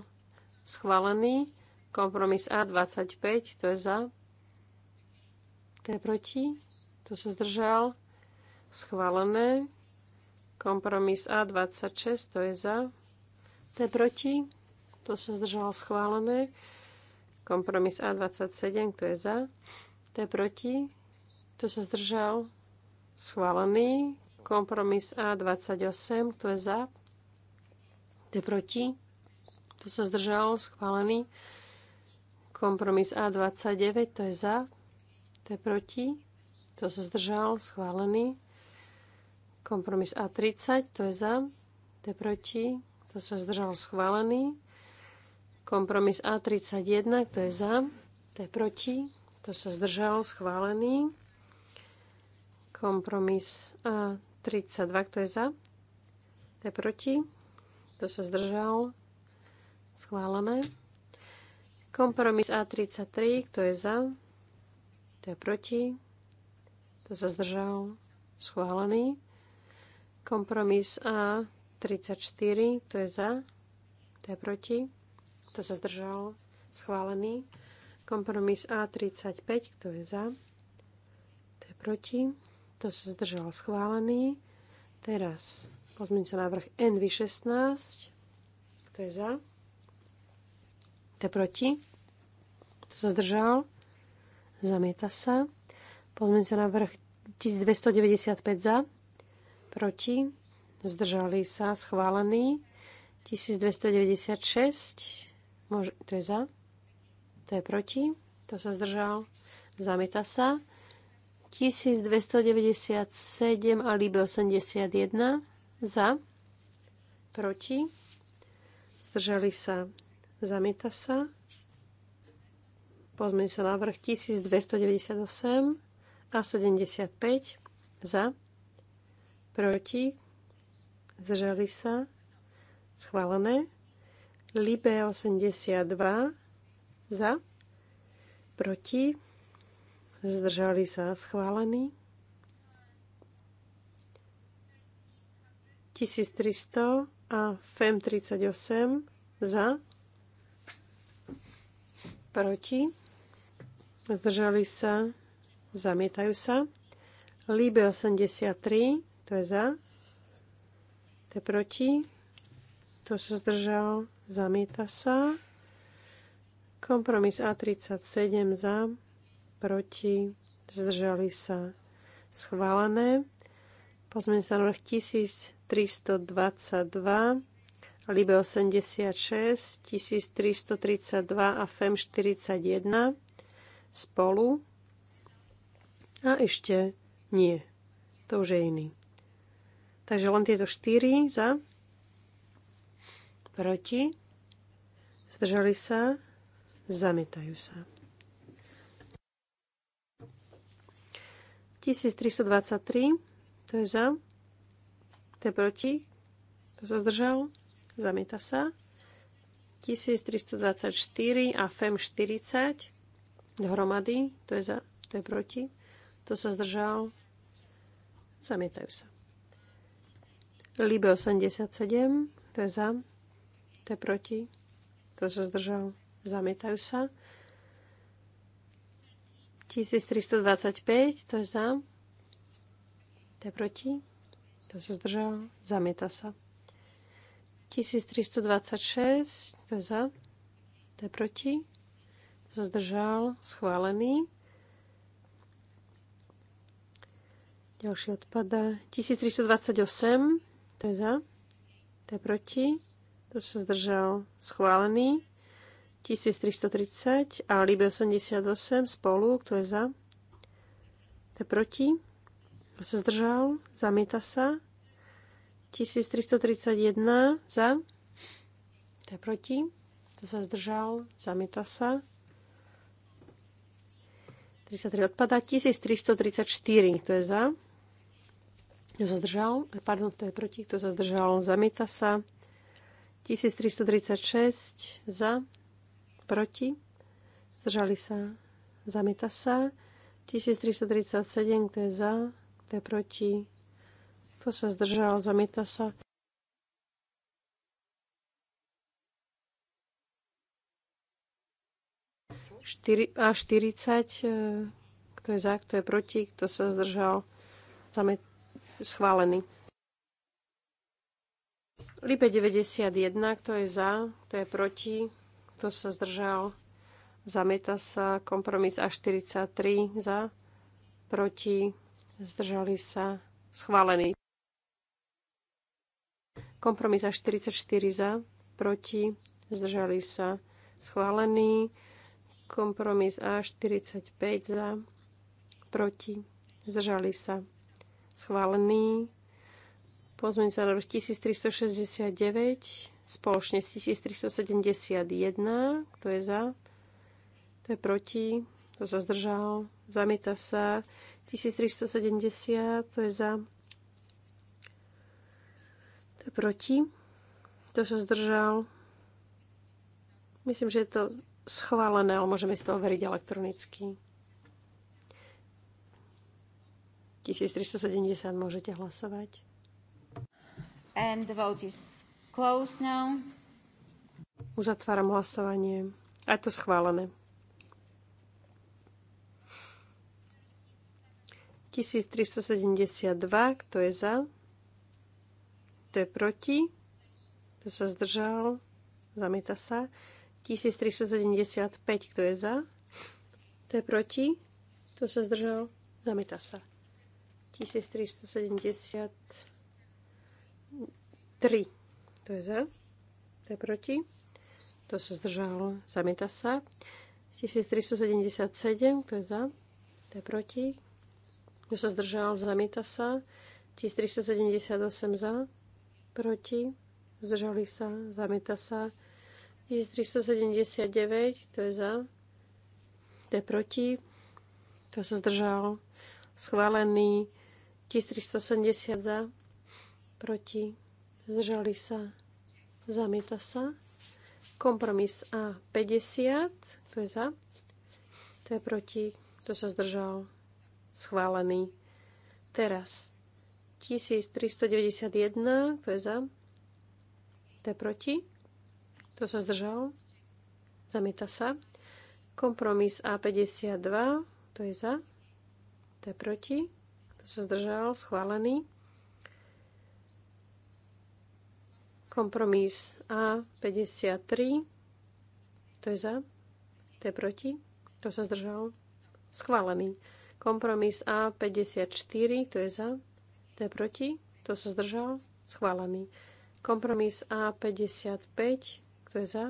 schválený. Kompromis A25, kto je za, kto je proti, kto sa zdržal, schválené. Kompromis A26, to je za. To je proti. To sa zdržalo schválené. Kompromis A27, kto je za. To je proti. To sa zdržal. Schválený. Kompromis A28, kto je za. To je proti. To sa zdržal. Schválený. Kompromis A29, to je za. To je proti. To sa zdržal. Schválený. Kompromis A30, to je za, to je proti, to sa zdržal schválený. Kompromis A31, to je za, to je proti, to sa zdržal schválený. Kompromis A32, to je za, to je proti, to sa zdržal schválené. Kompromis A33, kto je za, to je proti, to sa zdržal schválený. Kompromis A 34, to je za, to je proti, to sa zdržalo, schválený. Kompromis A35, kto je za, to je proti, to sa zdržalo, schválený. Teraz sa návrh NV16, kto je za, to je proti, to sa zdržal, zamieta sa. sa návrh 1295 za, proti, zdržali sa, schválený. 1296, to je za, to je proti, to sa zdržal, zamieta sa. 1297 a Libe 81 za, proti, zdržali sa, zamieta sa. Pozmeň sa návrh 1298 a 75 za, proti, zdržali sa, schválené. Libe 82 za, proti, zdržali sa, schválený. 1300 a FEM e 38 za, proti, zdržali sa, zamietajú sa. Líbe 83 to je za. To je proti. To sa zdržal. Zamieta sa. Kompromis A37 za. Proti. Zdržali sa. Schválené. Pozmeň sa návrh 1322. Libe 86, 1332 a FEM 41 spolu. A ešte nie. To už je iný. Takže len tieto 4 za, proti, zdržali sa, zamietajú sa. 1323, to je za, to je proti, to sa zdržal, zamieta sa. 1324 a FEM 40 dohromady, to je za, to je proti, to sa zdržal, zamietajú sa. Líbe 87, to je za, to je proti, to sa zdržal, zamietajú sa. 1325, to je za, to je proti, to sa zdržal, zamieta sa. 1326, to je za, to je proti, to sa zdržal, schválený. Ďalší odpada. 1328, to je za. To je proti. To sa zdržal schválený. 1330 a Libe 88 spolu. Kto je za? To je proti. To sa zdržal? Zamieta sa. 1331 za. To je proti. To sa zdržal. Zamieta sa. 33 odpada. 1334. To je za. Kto sa zdržal? Pardon, kto je proti? Kto sa zdržal? Zamieta sa. 1336 za, proti. Zdržali sa. Zamieta sa. 1337, kto je za, kto je proti. Kto sa zdržal? Zamieta sa. a 40, e, kto je za, kto je proti, kto sa zdržal, zamieta schválený. Lipe 91, kto je za, kto je proti, kto sa zdržal, zamieta sa. Kompromis A43 za, proti, zdržali sa, schválený. Kompromis A44 za, proti, zdržali sa, schválený. Kompromis A45 za, proti, zdržali sa, schválený. Pozmeň sa návrh 1369 spoločne s 1371. Kto je za? Kto je proti? Kto sa zdržal? Zamieta sa. 1370. Kto je za? Kto je proti? Kto sa zdržal? Myslím, že je to schválené, ale môžeme si to overiť elektronicky. 1370 môžete hlasovať. And the vote is closed now. Uzatváram hlasovanie. A je to schválené. 1372, kto je za? Kto je proti? Kto sa zdržal? Zamieta sa. 1375, kto je za? Kto je proti? Kto sa zdržal? Zamieta sa. 1373. To je za. To je proti. To sa zdržalo. Zamieta sa. 1377. To je za. To je proti. To sa zdržalo. zamieta sa. 1378 za, proti, zdržali sa, zamieta sa. 1379, to je za, to je proti, to sa zdržalo. Schválený 1370 za, proti, zdržali sa, zamieta sa. Kompromis A50, to je za, to je proti, to sa zdržal, schválený. Teraz 1391, to je za, to je proti, to sa zdržal, zamieta sa. Kompromis A52, to je za, to je proti, sa zdržal, schválený. Kompromis A53, to je za, to je proti, to sa zdržal, schválený. Kompromis A54, to je za, to je proti, to sa zdržal, schválený. Kompromis A55, kto je za,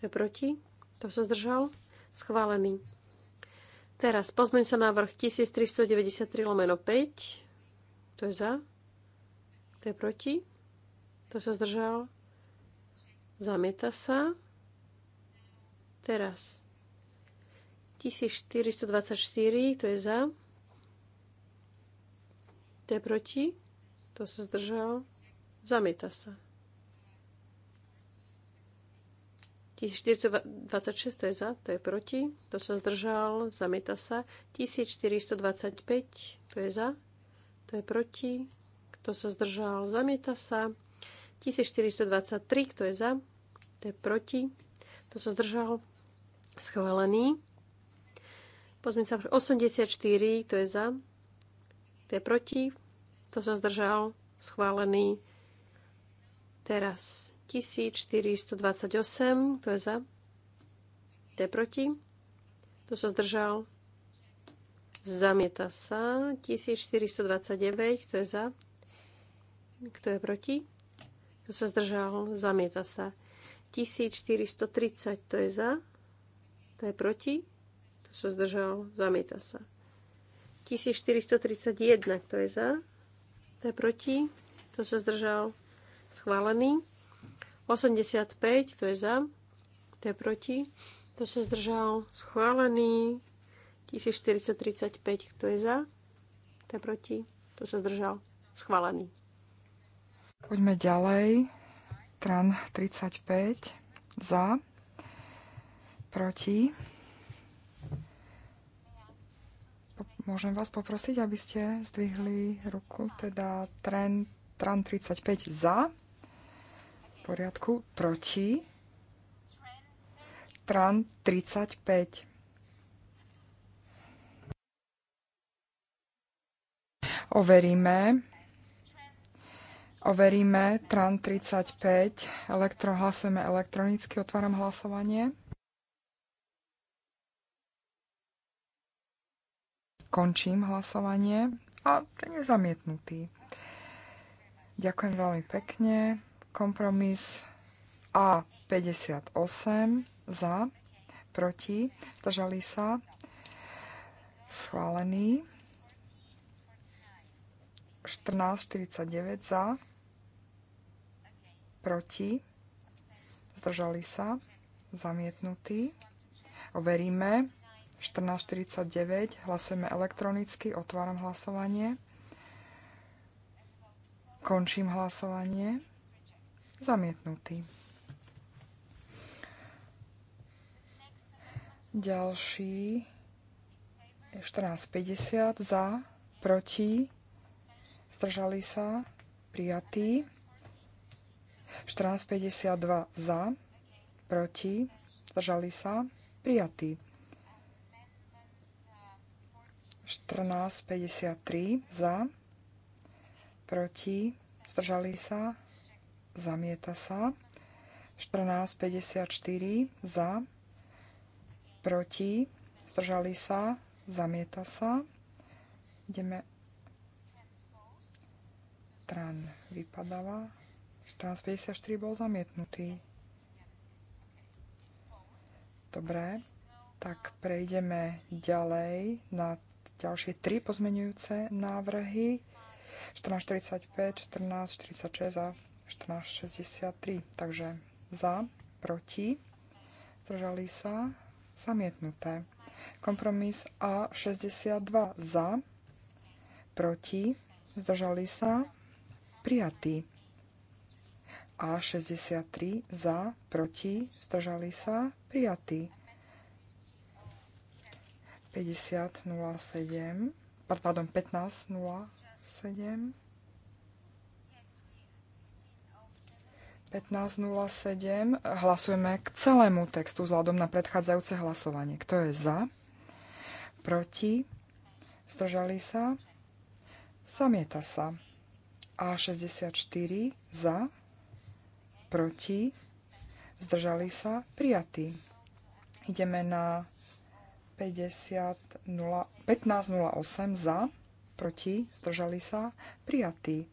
To je proti, to sa zdržal, schválený. Teraz pozmeň sa návrh 1393 lomeno 5. To je za. To je proti. To sa zdržal. Zamieta sa. Teraz 1424, to je za. To je proti. To sa zdržal. Zamieta sa. 1426 to je za, to je proti, to sa zdržal, zamieta sa. 1425 to je za, to je proti, kto sa zdržal, zamieta sa. 1423 kto je za, to je proti, kto sa zdržal, schválený. Pozmeň sa 84 to je za, to je proti, to sa zdržal, schválený. Teraz 1428, to je za. To je proti. To sa zdržal. Zamieta sa. 1429, kto je za? Kto je proti? Kto sa zdržal? Zamieta sa. 1430, to je za? To je proti? Kto sa zdržal? Zamieta sa. 1431, kto je za? To je proti? Kto sa zdržal? Schválený. 85, to je za, to je proti. To sa zdržal schválený. 1435, kto je za, to je proti. To sa zdržal schválený. Poďme ďalej. Tran 35 za, proti. Môžem vás poprosiť, aby ste zdvihli ruku, teda tren, tran 35 za, poriadku. Proti. Tran 35. Overíme. Overíme Tran 35. hlasujeme elektronicky. Otváram hlasovanie. Končím hlasovanie a ten je zamietnutý. Ďakujem veľmi pekne. Kompromis A58 za, proti, zdržali sa, schválený. 1449 za, proti, zdržali sa, zamietnutý. Overíme. 1449, hlasujeme elektronicky, otváram hlasovanie. Končím hlasovanie. Zamietnutý. Ďalší 14.50 za, proti, zdržali sa, prijatý. 14.52 za, proti, zdržali sa, prijatý. 14.53 za, proti, zdržali sa, zamieta sa. 1454 za, proti, zdržali sa, zamieta sa. Ideme. Tran vypadáva. 1454 bol zamietnutý. Dobre, tak prejdeme ďalej na ďalšie tri pozmenujúce návrhy. 1445, 1446 a 1463. Takže za, proti, zdržali sa, zamietnuté. Kompromis A62 za, proti, zdržali sa, prijatý. A63 za, proti, zdržali sa, prijatý. 5007, pardon, 1507. 15.07. Hlasujeme k celému textu vzhľadom na predchádzajúce hlasovanie. Kto je za? Proti? Zdržali sa? Zamieta sa. A64 za? Proti? Zdržali sa? Prijatý. Ideme na 15.08 za? Proti? Zdržali sa? Prijatý.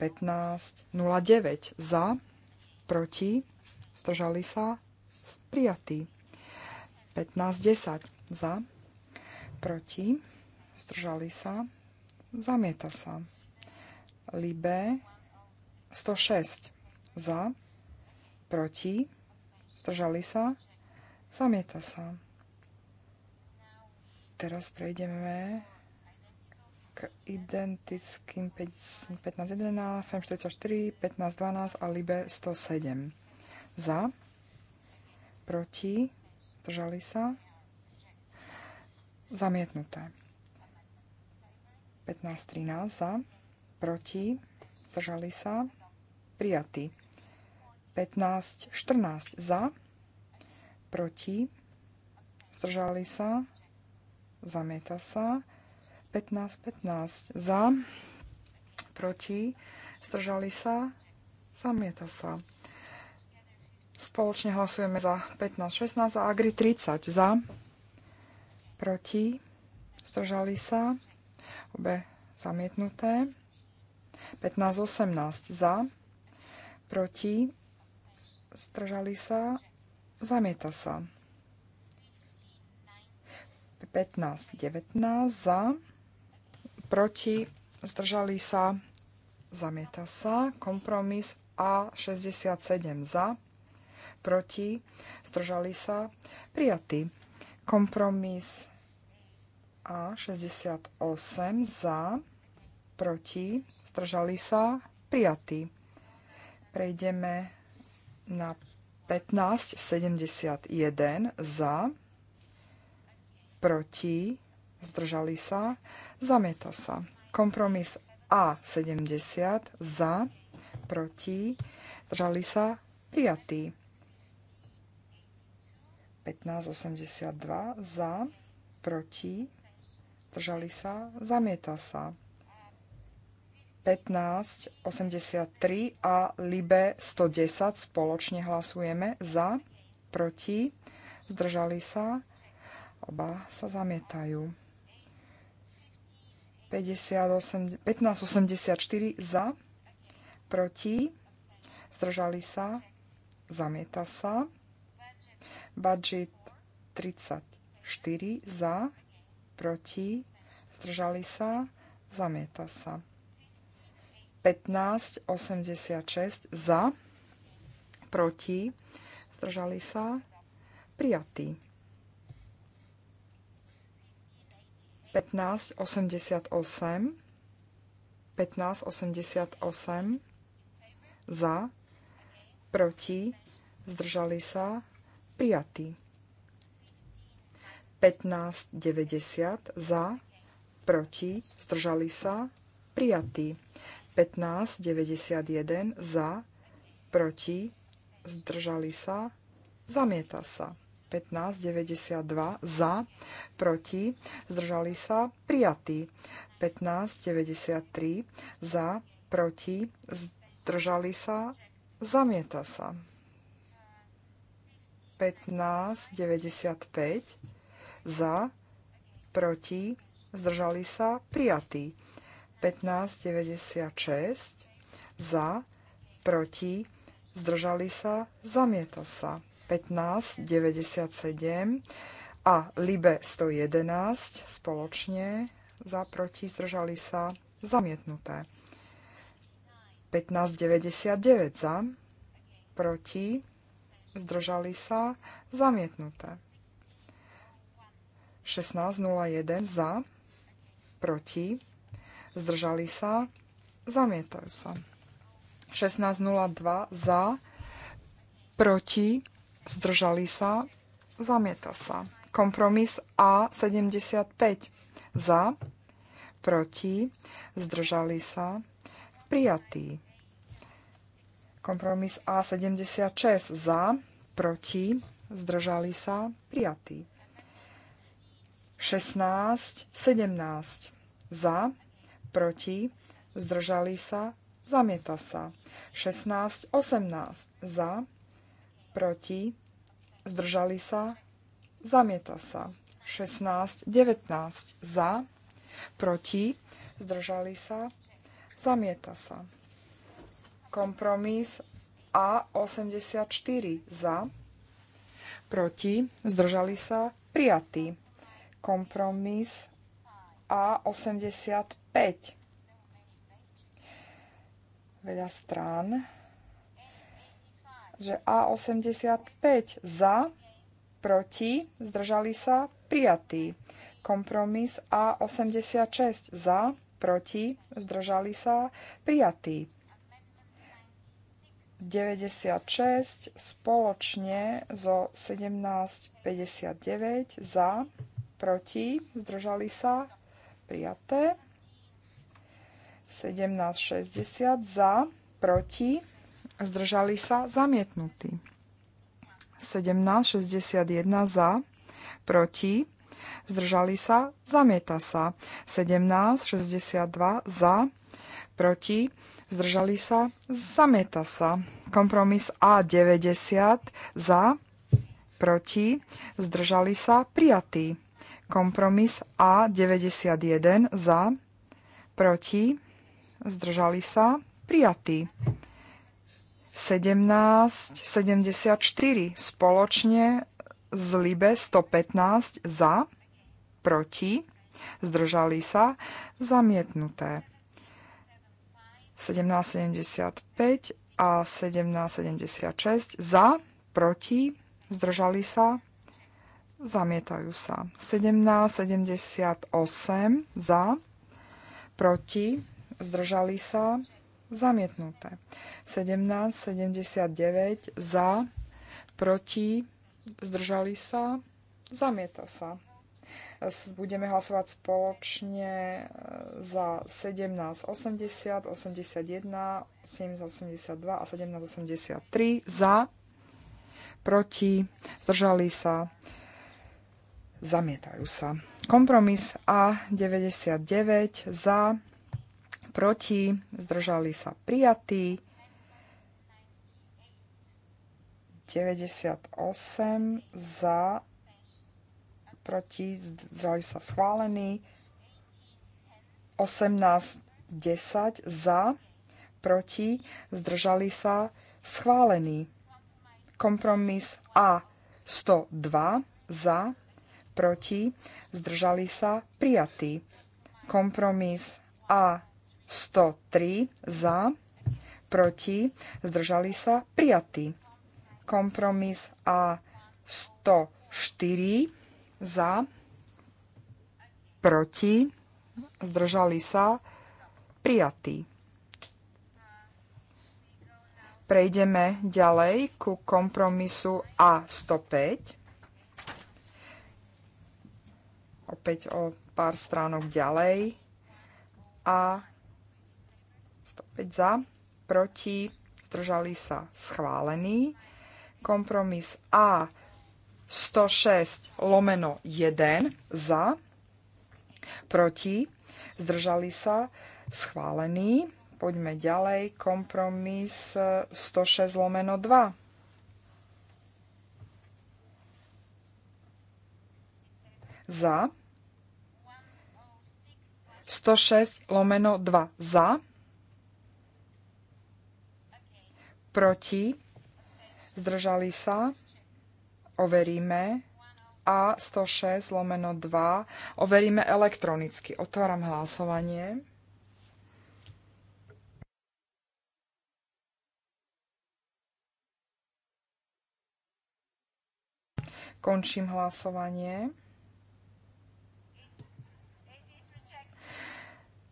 15.09 za, proti, zdržali sa, prijatý. 15.10 za, proti, zdržali sa, zamieta sa. Libe 106 za, proti, zdržali sa, zamieta sa. Teraz prejdeme identickým 15.11, FEM 44, 15.12 a LIBE 107. Za, proti, zdržali sa, zamietnuté. 15.13 za, proti, zdržali sa, prijatý. 15.14 za, proti, zdržali sa, zamieta sa. 15-15 za, proti, zdržali sa, zamieta sa. Spoločne hlasujeme za 15-16 a Agri 30 za, proti, zdržali sa, obe zamietnuté. 15-18 za, proti, zdržali sa, zamieta sa. 15-19 za, proti, zdržali sa, zamieta sa. Kompromis A67 za, proti, zdržali sa, prijatý. Kompromis A68 za, proti, zdržali sa, prijatý. Prejdeme na 1571 za, proti, zdržali sa, zamieta sa. Kompromis A70 za, proti, zdržali sa, prijatý. 1582 za, proti, zdržali sa, zamieta sa. 1583 a Libe 110 spoločne hlasujeme za, proti, zdržali sa, oba sa zamietajú. 1584 za, proti, zdržali sa, zamieta sa. Budget 34 za, proti, zdržali sa, zamieta sa. 1586 za, proti, zdržali sa, prijatý. 1588 1588 za, proti, zdržali sa, prijatý. 1590 za, proti, zdržali sa, prijatý. 1591 za, proti, zdržali sa, zamieta sa. 15, 92 za, proti, zdržali sa, prijatý. 93, za, proti, zdržali sa, zamieta sa. 15 95 za, proti, zdržali sa, prijatý. 96 za, proti, zdržali sa, zamieta sa. 1597 a Libe 111 spoločne za proti zdržali sa zamietnuté. 1599 za proti zdržali sa zamietnuté. 16 01 za proti zdržali sa zamietajú sa. 1602 za proti zdržali sa, zamieta sa. Kompromis A75 za, proti, zdržali sa, prijatý. Kompromis A76 za, proti, zdržali sa, prijatý. 16, 17 za, proti, zdržali sa, zamieta sa. 16, 18 za, proti, zdržali sa, zamieta sa. 16, 19 za, proti, zdržali sa, zamieta sa. Kompromis A84 za, proti, zdržali sa, prijatý. Kompromis A85. Veľa strán že A85 za, proti, zdržali sa, prijatý. Kompromis A86 za, proti, zdržali sa, prijatý. 96 spoločne zo 1759 za, proti, zdržali sa, prijaté. 1760 za, proti, zdržali sa, zamietnutí. 1761 za, proti, zdržali sa, zamieta sa. 1762 za, proti, zdržali sa, zamieta sa. Kompromis A90 za, proti, zdržali sa, prijatý. Kompromis A91 za, proti, zdržali sa, prijatý. 1774 spoločne z Libe 115 za, proti, zdržali sa, zamietnuté. 1775 a 1776 za, proti, zdržali sa, zamietajú sa. 1778 za, proti, zdržali sa, zamietnuté. 17, 79 za, proti, zdržali sa, zamieta sa. Budeme hlasovať spoločne e, za 17, 80, 81, 7, 82 a 17, 83 za, proti, zdržali sa, zamietajú sa. Kompromis A99 za, proti, zdržali sa prijatí. 98 za, proti, zdržali sa schválení. 18, 10 za, proti, zdržali sa schválení. Kompromis A 102 za, proti, zdržali sa prijatí. Kompromis A 103 za, proti, zdržali sa, prijatý. Kompromis A 104 za, proti, zdržali sa, prijatý. Prejdeme ďalej ku kompromisu A105. Opäť o pár stránok ďalej. A 105 za, proti, zdržali sa schválený. Kompromis A 106 lomeno 1 za, proti, zdržali sa schválený. Poďme ďalej, kompromis 106 e, lomeno 2. Za, 106 lomeno 2 za, proti, zdržali sa, overíme A106 lomeno 2, overíme elektronicky. Otváram hlasovanie. Končím hlasovanie.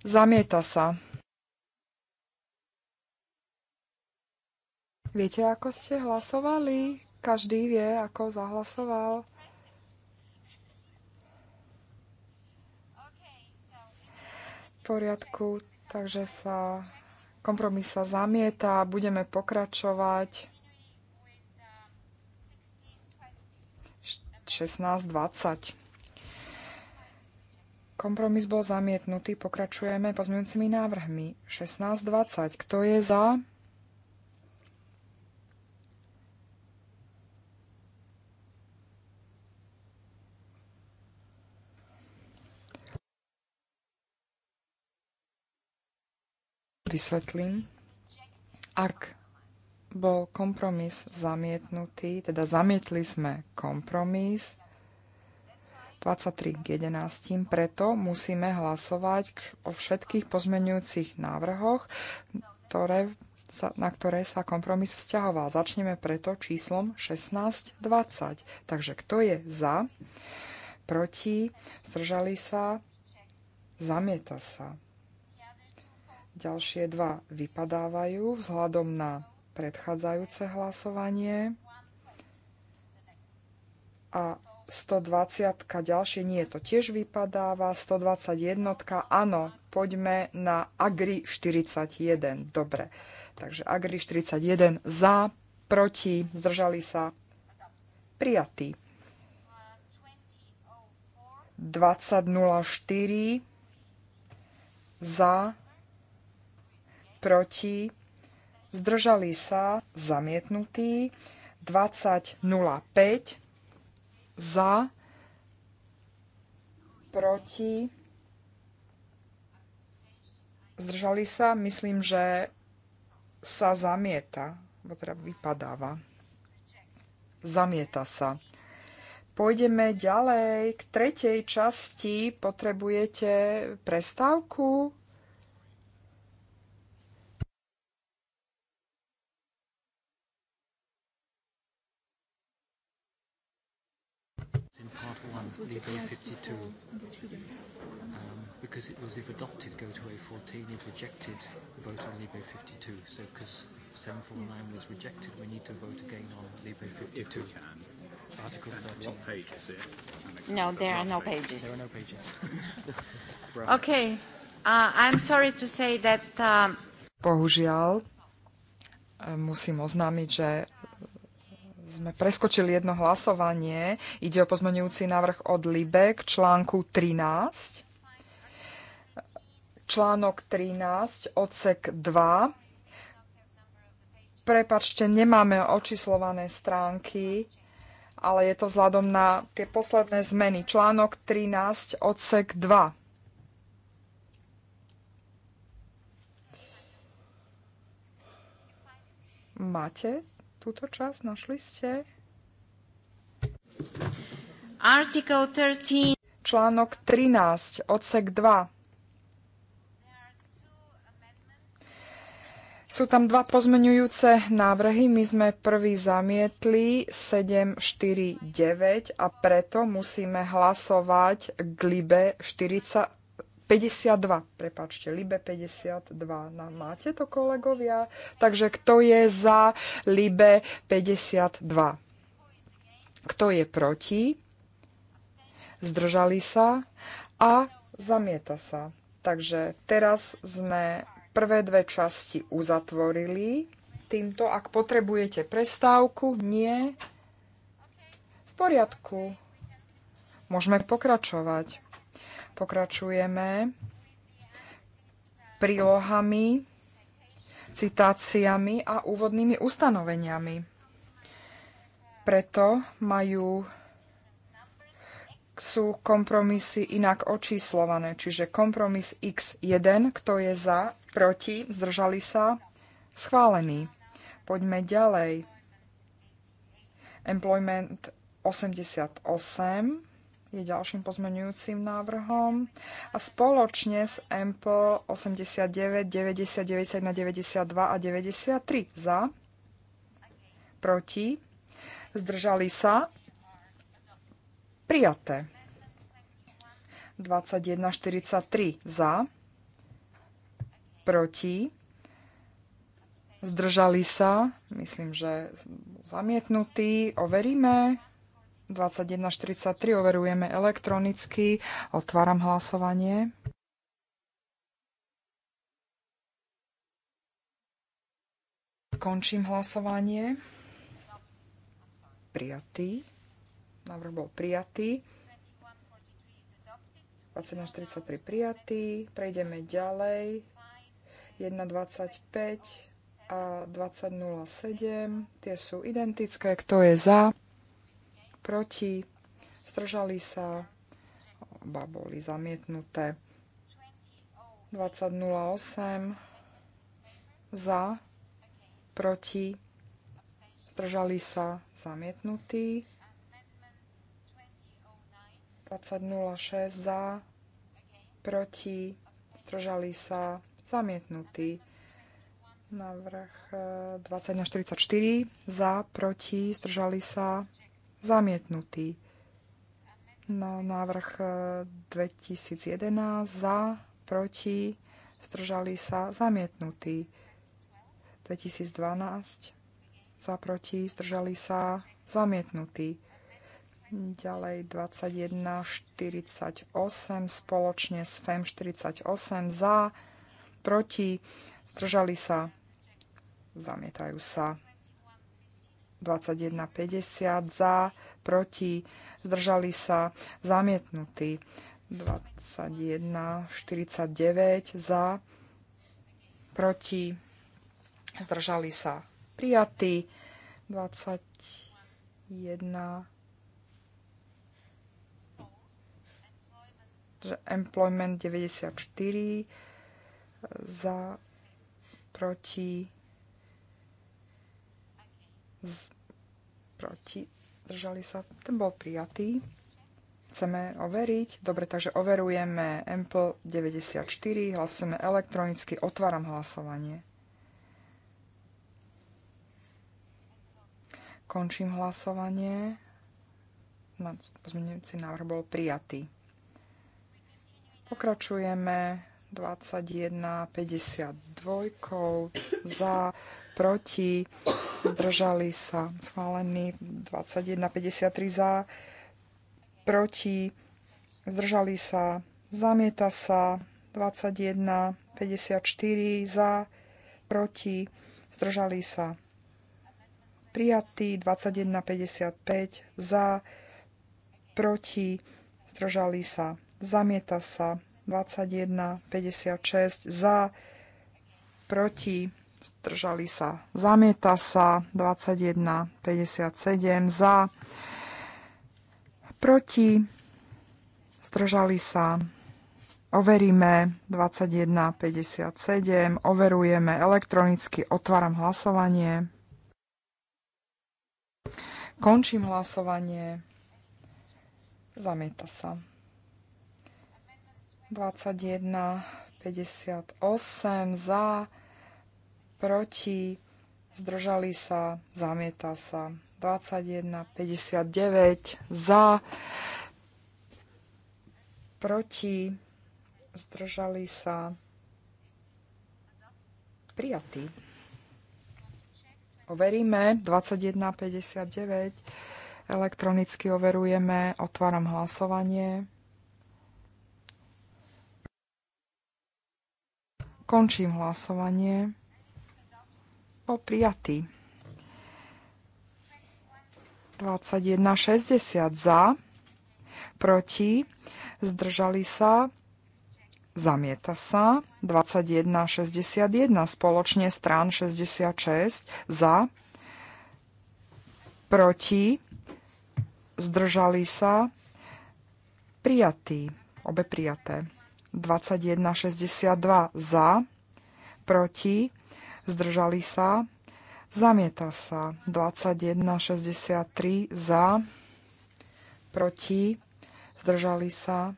Zamieta sa. Viete, ako ste hlasovali? Každý vie, ako zahlasoval. V poriadku, takže sa kompromis sa zamieta, budeme pokračovať. 16.20. Kompromis bol zamietnutý, pokračujeme pozmeňujúcimi návrhmi. 16.20. Kto je za? vysvetlím. Ak bol kompromis zamietnutý, teda zamietli sme kompromis 23 k 11, preto musíme hlasovať o všetkých pozmenujúcich návrhoch, ktoré sa, na ktoré sa kompromis vzťahoval. Začneme preto číslom 1620. Takže kto je za, proti, zdržali sa, zamieta sa. Ďalšie dva vypadávajú vzhľadom na predchádzajúce hlasovanie. A 120 ďalšie nie, to tiež vypadáva. 121 áno, poďme na Agri 41. Dobre, takže Agri 41 za, proti, zdržali sa, prijatý. 2004 za, proti, zdržali sa, zamietnutí, 20.05 za, proti, zdržali sa, myslím, že sa zamieta, bo teda vypadáva. Zamieta sa. Pôjdeme ďalej. K tretej časti potrebujete prestávku? leave A52 um, because it was if adopted go to A14, if rejected vote on Libre 52. So because 749 was rejected, we need to vote again on Libre 52. If we can. Article 13. What page is it? No, there are no pages. There are no pages. Okay. Uh, I'm sorry to say that... Um... Bohužiaľ, uh, musím oznámiť, že sme preskočili jedno hlasovanie. Ide o pozmenujúci návrh od Libe k článku 13. Článok 13, odsek 2. Prepačte, nemáme očíslované stránky, ale je to vzhľadom na tie posledné zmeny. Článok 13, odsek 2. Máte? túto čas, Našli ste? Article 13. Článok 13, odsek 2. Sú tam dva pozmenujúce návrhy. My sme prvý zamietli 749 a preto musíme hlasovať k Libe 40, 52, prepáčte, Libe 52. Na, máte to, kolegovia? Takže kto je za Libe 52? Kto je proti? Zdržali sa a zamieta sa. Takže teraz sme prvé dve časti uzatvorili. Týmto, ak potrebujete prestávku, nie. V poriadku. Môžeme pokračovať. Pokračujeme prílohami, citáciami a úvodnými ustanoveniami. Preto majú sú kompromisy inak očíslované, čiže kompromis X1, kto je za, proti, zdržali sa, schválený. Poďme ďalej. Employment 88 je ďalším pozmenujúcim návrhom a spoločne s MPO 89, 90, 91, 92 a 93 za, proti, zdržali sa, prijaté. 21, 43 za, proti, zdržali sa, myslím, že zamietnutý, overíme. 21.43 overujeme elektronicky. Otváram hlasovanie. Končím hlasovanie. Prijatý. Návrh bol prijatý. 21.43 prijatý. Prejdeme ďalej. 1.25 a 20.07. Tie sú identické. Kto je za? proti, zdržali sa, oba boli zamietnuté. 20.08 za, proti, zdržali sa, zamietnutí. 20.06 za, proti, zdržali sa, zamietnutí. Navrh 20 eh, za, proti, zdržali sa, Zamietnutý. Na no, návrh 2011 e, za, proti, zdržali sa, zamietnutý. 2012 za, proti, zdržali sa, zamietnutý. Ďalej 2148 spoločne s FEM e 48 za, proti, zdržali sa, zamietajú sa. 21,50 za, proti, zdržali sa, zamietnutý. 21,49 za, proti, zdržali sa, prijatý. 21 Employment 94 za proti z, proti, držali sa, ten bol prijatý. Chceme overiť. Dobre, takže overujeme MPL 94, hlasujeme elektronicky, otváram hlasovanie. Končím hlasovanie. No, pozmeňujúci návrh bol prijatý. Pokračujeme 21, 52 za, proti, zdržali sa schválený 21,53 za, proti, zdržali sa, zamieta sa 21,54 za, proti, zdržali sa, prijatý 21,55 za, proti, zdržali sa, zamieta sa 21,56 za, proti, zdržali sa, zamieta sa, 21, 57 za, proti, zdržali sa, overíme 21, 57, overujeme elektronicky, otváram hlasovanie, končím hlasovanie, zamieta sa. 21, 58 za, proti, zdržali sa, zamieta sa. 21, 59 za, proti, zdržali sa, prijatí. Overíme 21,59. Elektronicky overujeme. Otváram hlasovanie. Končím hlasovanie bol prijatý. 21,60 za, proti, zdržali sa, zamieta sa. 21,61 spoločne strán 66 za, proti, zdržali sa, prijatý, obe prijaté. 21,62 za, proti, zdržali sa, zamieta sa 21,63 za, proti, zdržali sa,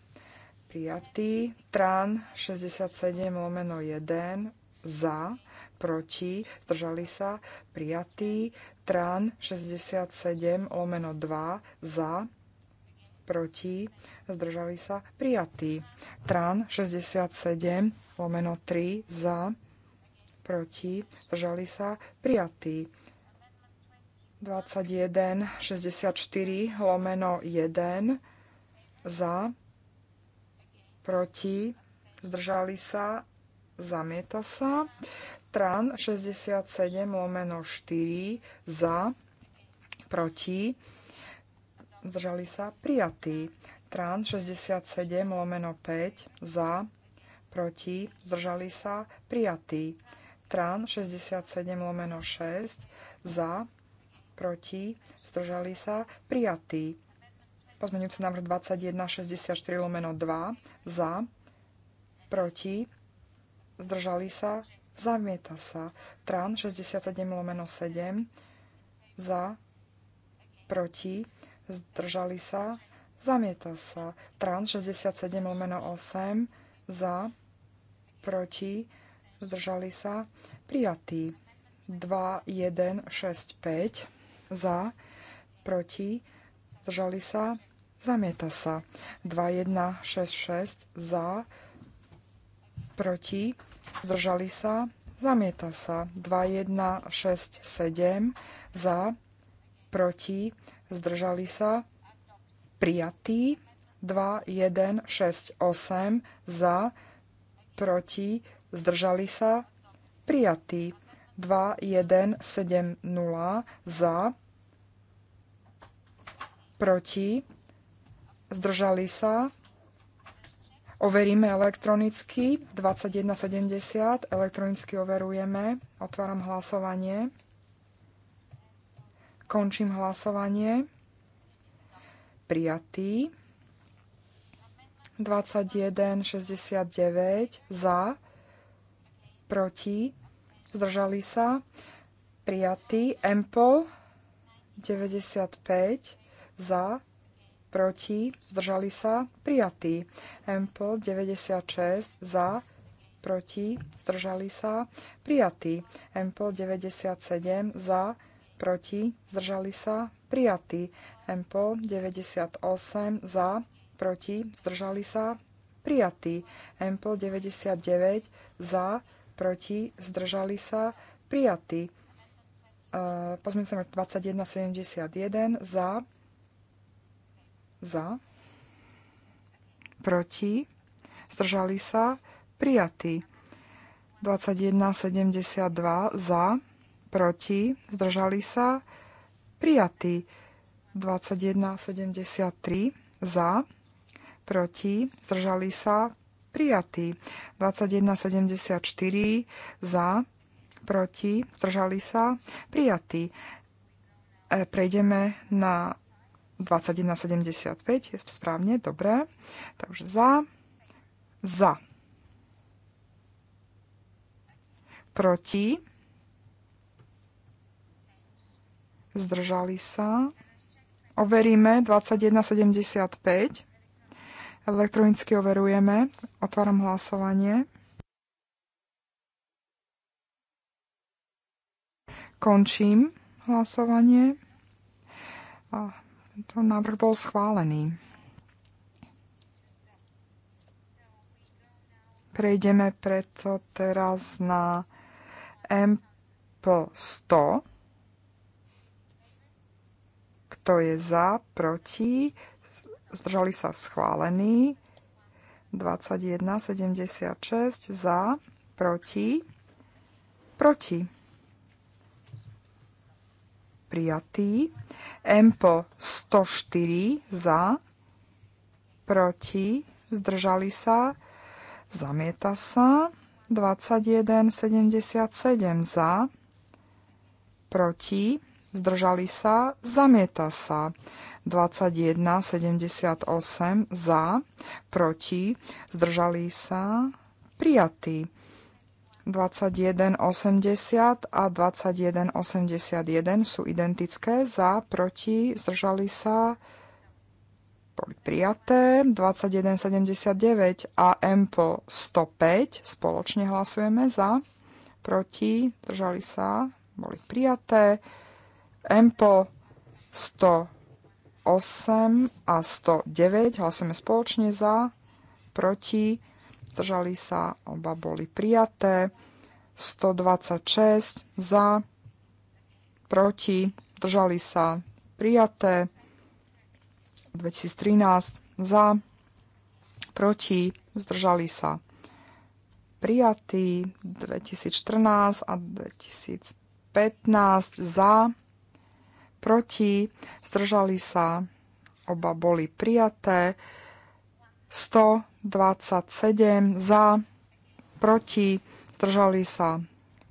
prijatý, trán 67 lomeno 1 za, proti, zdržali sa, prijatý, trán 67 lomeno 2 za, proti, zdržali sa, prijatý. Trán 67 lomeno 3 za, proti, zdržali sa, prijatý. 21, 64, lomeno 1, za, proti, zdržali sa, zamieta sa. Tran 67, lomeno 4, za, proti, zdržali sa, prijatý. Tran 67, lomeno 5, za, proti, zdržali sa, prijatý. Trán 67 lomeno 6 za, proti, zdržali sa, prijatý. Pozmeňujúci návrh 2164 lomeno 2 za, proti, zdržali sa, zamieta sa. Trán 67 lomeno 7 za, proti, zdržali sa, zamieta sa. Trán 67 lomeno 8 za, proti, zdržali sa, prijatý. 2, 1, 6, 5, za, proti, zdržali sa, zamieta sa. 2, 1, 6, 6, za, proti, zdržali sa, zamieta sa. 2, 1, 6, 7, za, proti, zdržali sa, prijatý. 2, 1, 6, 8, za, proti, zdržali sa, prijatý. 2, 1, 7, 0, za, proti, zdržali sa, overíme elektronicky, 2170, elektronicky overujeme, otváram hlasovanie, končím hlasovanie, prijatý, 2169, za, proti, zdržali sa, prijatý. Empl 95 za, proti, zdržali sa, prijatý. Empl 96 za, proti, zdržali sa, prijatý. Empl 97 za, proti, zdržali sa, prijatý. Empl 98 za, proti, zdržali sa, prijatý. Empl 99 za, proti, proti, zdržali sa, prijatý. sa e, návrh 2171 za, za, proti, zdržali sa, prijatý. 2172 za, proti, zdržali sa, prijatý. 2173 za, proti, zdržali sa, prijatý. 21,74 za, proti, zdržali sa, prijatý. E, prejdeme na 21,75, správne, dobre. Takže za, za, proti, zdržali sa, overíme 21,75, Elektronicky overujeme. Otváram hlasovanie. Končím hlasovanie. A tento návrh bol schválený. Prejdeme preto teraz na MP100. Kto je za, proti, zdržali sa schválení. 21,76 za, proti, proti. Prijatý. Empo 104 za, proti, zdržali sa, zamieta sa. 21, za, proti, zdržali sa, zamieta sa. 2178 za, proti, zdržali sa, prijatí. 2180 a 2181 sú identické, za, proti, zdržali sa, boli prijaté. 2179 a MPO 105 spoločne hlasujeme za, proti, zdržali sa, boli prijaté. MPO 100 a 109. Hlasujeme spoločne za, proti, zdržali sa, oba boli prijaté. 126 za, proti, zdržali sa, prijaté. 2013 za, proti, zdržali sa, prijatí. 2014 a 2015 za, proti, zdržali sa, oba boli prijaté, 127 za, proti, zdržali sa,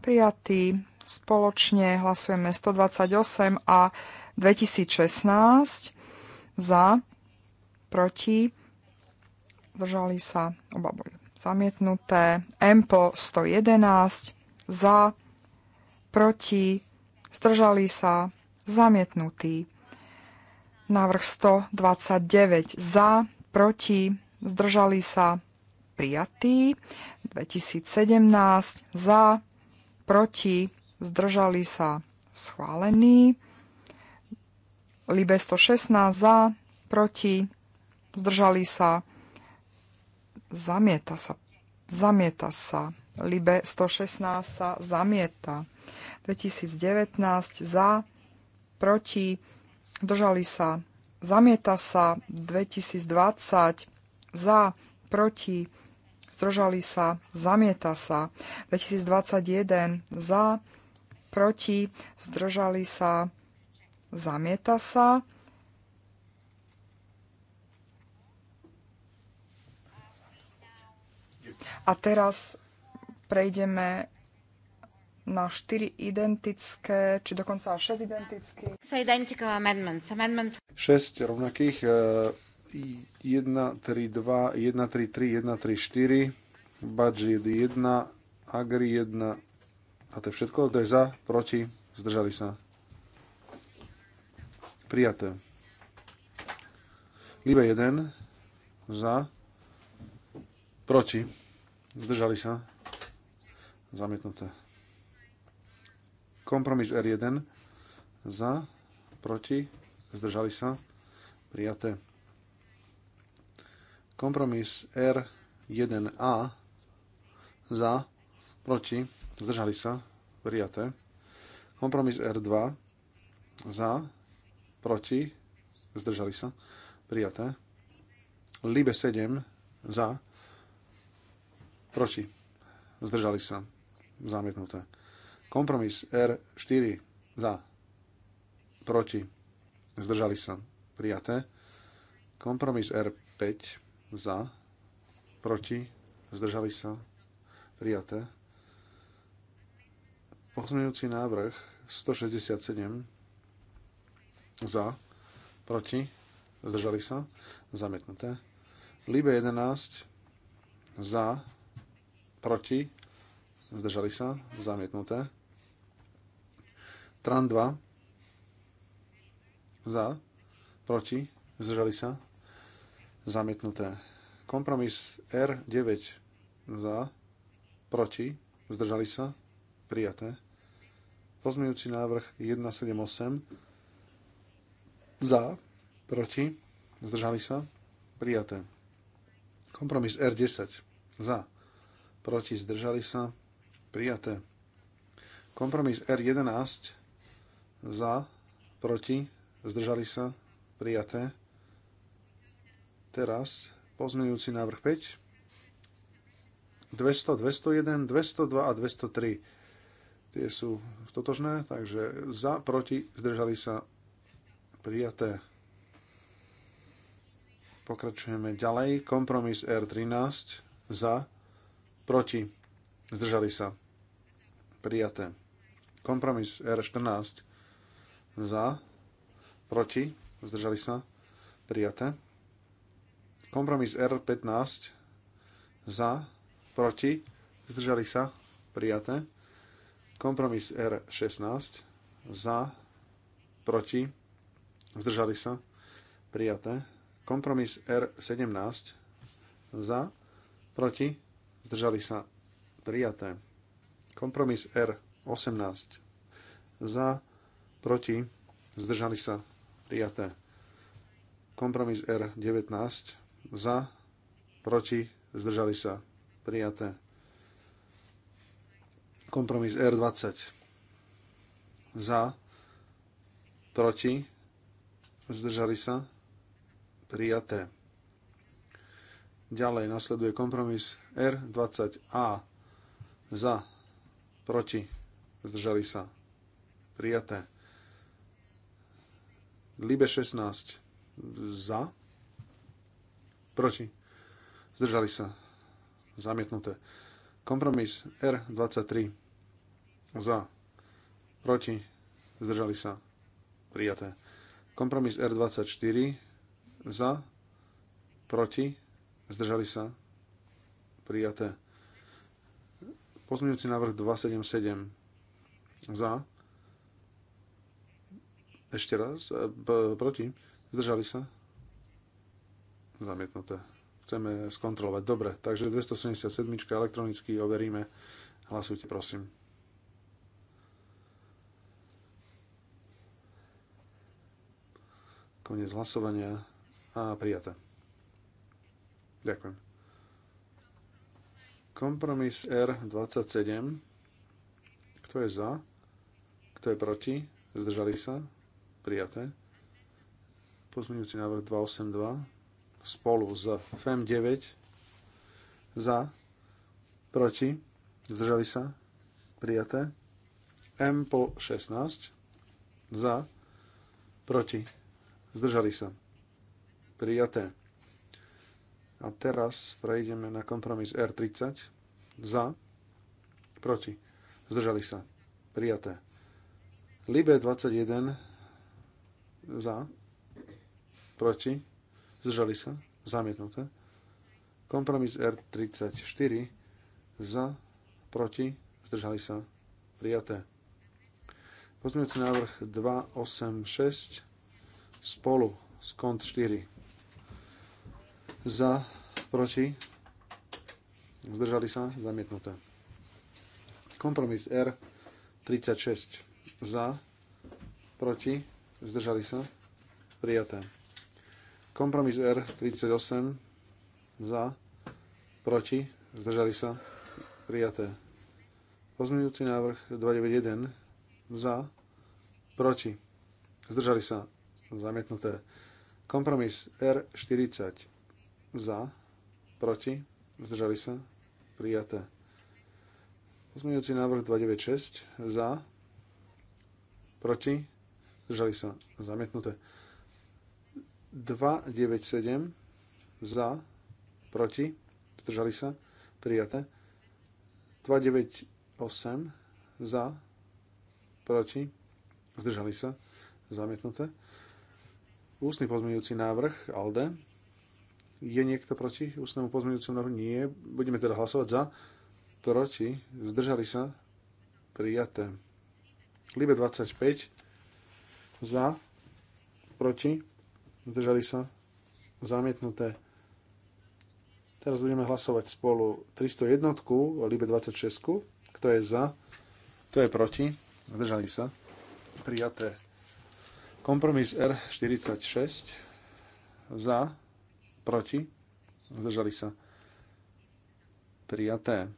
prijatí, spoločne hlasujeme 128 a 2016 za, proti, zdržali sa, oba boli zamietnuté, MPO 111 za, proti, zdržali sa, Zamietnutý. Návrh 129 za, proti, zdržali sa, prijatý. 2017 za, proti, zdržali sa, schválený. Libe 116 za, proti, zdržali sa, zamieta sa, zamieta sa. Libe 116 sa zamieta. 2019 za, proti, držali sa, zamieta sa 2020, za, proti, zdržali sa, zamieta sa 2021, za, proti, zdržali sa, zamieta sa. A teraz prejdeme na 4 identické, či dokonca 6 identických. 6 rovnakých, 1, 3, 2, 1, 3, 3, 1, 3, 4, budget 1, agri 1, a to je všetko, to je za, proti, zdržali sa. Prijaté. Libe 1, za, proti, zdržali sa, zamietnuté. Kompromis R1 za, proti, zdržali sa, prijaté. Kompromis R1A za, proti, zdržali sa, prijaté. Kompromis R2 za, proti, zdržali sa, prijaté. Libe 7 za, proti, zdržali sa, zamietnuté. Kompromis R4 za, proti, zdržali sa, prijaté. Kompromis R5 za, proti, zdržali sa, prijaté. Pozmeňujúci návrh 167 za, proti, zdržali sa, zamietnuté. Libe 11 za, proti, zdržali sa, zamietnuté. Tran 2. Za. Proti. Zdržali sa. Zamietnuté. Kompromis R9. Za. Proti. Zdržali sa. Prijaté. Pozmejúci návrh 178. Za. Proti. Zdržali sa. Prijaté. Kompromis R10. Za. Proti. Zdržali sa. Prijaté. Kompromis R11 za, proti, zdržali sa, prijaté. Teraz pozmeňujúci návrh 5. 200, 201, 202 a 203. Tie sú totožné, takže za, proti, zdržali sa, prijaté. Pokračujeme ďalej. Kompromis R13 za, proti, zdržali sa, prijaté. Kompromis R14 za, proti, zdržali sa, prijaté. Kompromis R15 za, proti, zdržali sa, prijaté. Kompromis R16 za, proti, zdržali sa, prijaté. Kompromis R17 za, proti, zdržali sa, prijaté. Kompromis R18 za, proti, zdržali sa, prijaté. Kompromis R19, za, proti, zdržali sa, prijaté. Kompromis R20, za, proti, zdržali sa, prijaté. Ďalej nasleduje kompromis R20A, za, proti, zdržali sa, prijaté Libe 16 za, proti, zdržali sa, zamietnuté. Kompromis R23 za, proti, zdržali sa, prijaté. Kompromis R24 za, proti, zdržali sa, prijaté. Pozmeňujúci návrh 277 za, ešte raz. E, proti. Zdržali sa. Zamietnuté. Chceme skontrolovať. Dobre, takže 277. elektronicky overíme. Hlasujte, prosím. Koniec hlasovania a prijaté. Ďakujem. Kompromis R27. Kto je za? Kto je proti? Zdržali sa? Prijaté. Pozmeňujúci návrh 282 spolu s FEM 9 za, proti, zdržali sa, prijaté. M po 16 za, proti, zdržali sa, prijaté. A teraz prejdeme na kompromis R30 za, proti, zdržali sa, prijaté. Libe 21 za. Proti. Zdržali sa. Zamietnuté. Kompromis R34. Za. Proti. Zdržali sa. Prijaté. Pozmeňujúci návrh 286 spolu s kont 4. Za, proti, zdržali sa, zamietnuté. Kompromis R 36. Za, proti, zdržali sa, prijaté. Kompromis R38 za, proti, zdržali sa, prijaté. Pozmeňujúci návrh 291 za, proti, zdržali sa, zamietnuté. Kompromis R40 za, proti, zdržali sa, prijaté. Pozmeňujúci návrh 296 za, proti, zdržali sa zamietnuté. 297 za, proti, zdržali sa, prijaté. 298 za, proti, zdržali sa, zamietnuté. Ústny pozmeňujúci návrh ALDE. Je niekto proti ústnemu pozmeňujúcemu návrhu? Nie. Budeme teda hlasovať za, proti, zdržali sa, prijaté. Libe 25 za, proti, zdržali sa, zamietnuté. Teraz budeme hlasovať spolu 301, Libe 26, kto je za, kto je proti, zdržali sa, prijaté. Kompromis R46, za, proti, zdržali sa, prijaté.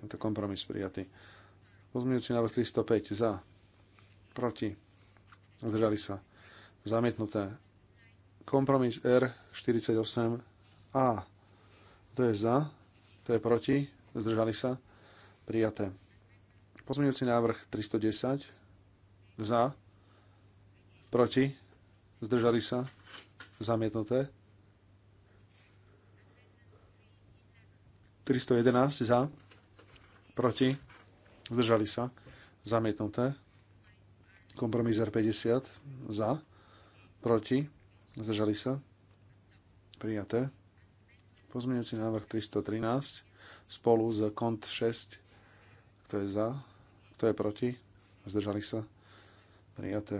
Tento kompromis prijatý. Pozmeňujúci návrh 305, za, proti, zdržali sa zamietnuté. Kompromis R48A. To je za, to je proti, zdržali sa, prijaté. Pozmeňujúci návrh 310, za, proti, zdržali sa, zamietnuté. 311 za, proti, zdržali sa, zamietnuté. Kompromis R50 za, proti, zdržali sa, prijaté. Pozmeňujúci návrh 313 spolu s kont 6, kto je za, kto je proti, zdržali sa, prijaté.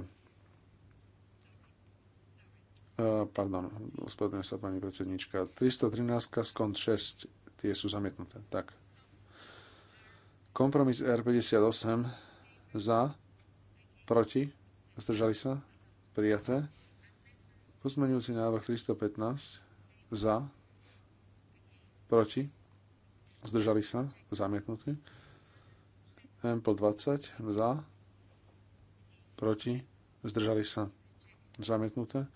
E, pardon, ospravedlňuje sa pani predsednička. 313 z kont 6, tie sú zamietnuté. Tak. Kompromis R58 za, Proti? Zdržali sa? Prijaté. Pozmenujúci návrh 315. Za. Proti? Zdržali sa? Zamietnutý. po 20. Za. Proti? Zdržali sa? Zamietnuté.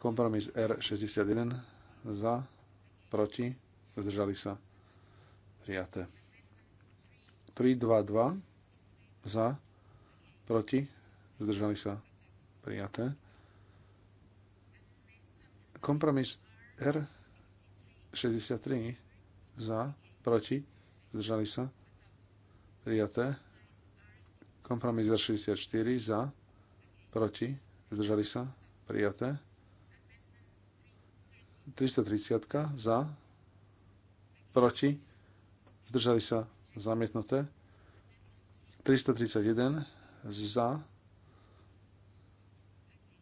Kompromis R61. Za. Proti? Zdržali sa? Prijaté. 3, 2, 2. Za Proti? Zdržali sa? Prijaté. Kompromis R63 za, proti, zdržali sa, prijaté. Kompromis R64 za, proti, zdržali sa, prijaté. 330 za, proti, zdržali sa, zamietnuté. 331 za,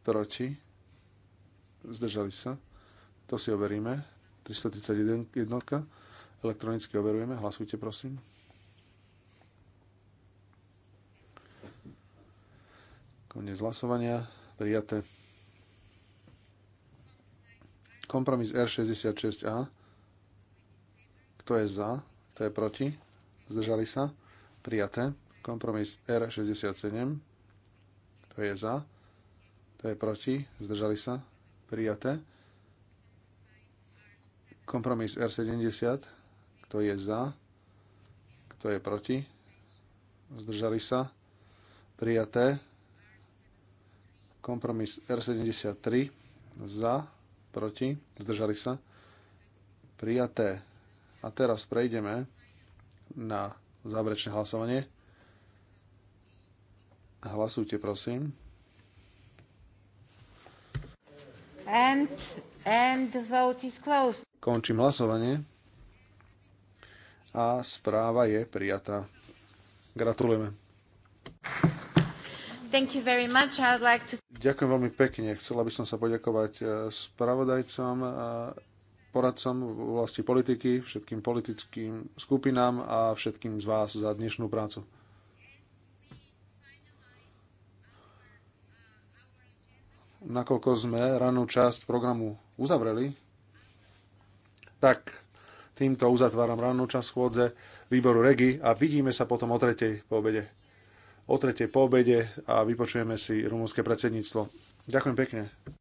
proti, zdržali sa. To si overíme. 331 jednotka. Elektronicky overujeme. Hlasujte, prosím. Koniec hlasovania. Prijaté. Kompromis R66A. Kto je za? Kto je proti? Zdržali sa? Prijaté. Kompromis R67. To je za. To je proti. Zdržali sa. Prijaté. Kompromis R70. Kto je za? Kto je proti? Zdržali sa. Prijaté. Kompromis R73. Za. Proti. Zdržali sa. Prijaté. A teraz prejdeme na záverečné hlasovanie. Hlasujte, prosím. And, and the vote is closed. Končím hlasovanie. A správa je prijatá. Gratulujeme. Thank you very much. I would like to... Ďakujem veľmi pekne. Chcela by som sa poďakovať e, spravodajcom, poradcom v vlasti politiky, všetkým politickým skupinám a všetkým z vás za dnešnú prácu. nakoľko sme ranú časť programu uzavreli, tak týmto uzatváram rannú časť schôdze výboru REGI a vidíme sa potom o tretej po obede. O tretej po obede a vypočujeme si rumúnske predsedníctvo. Ďakujem pekne.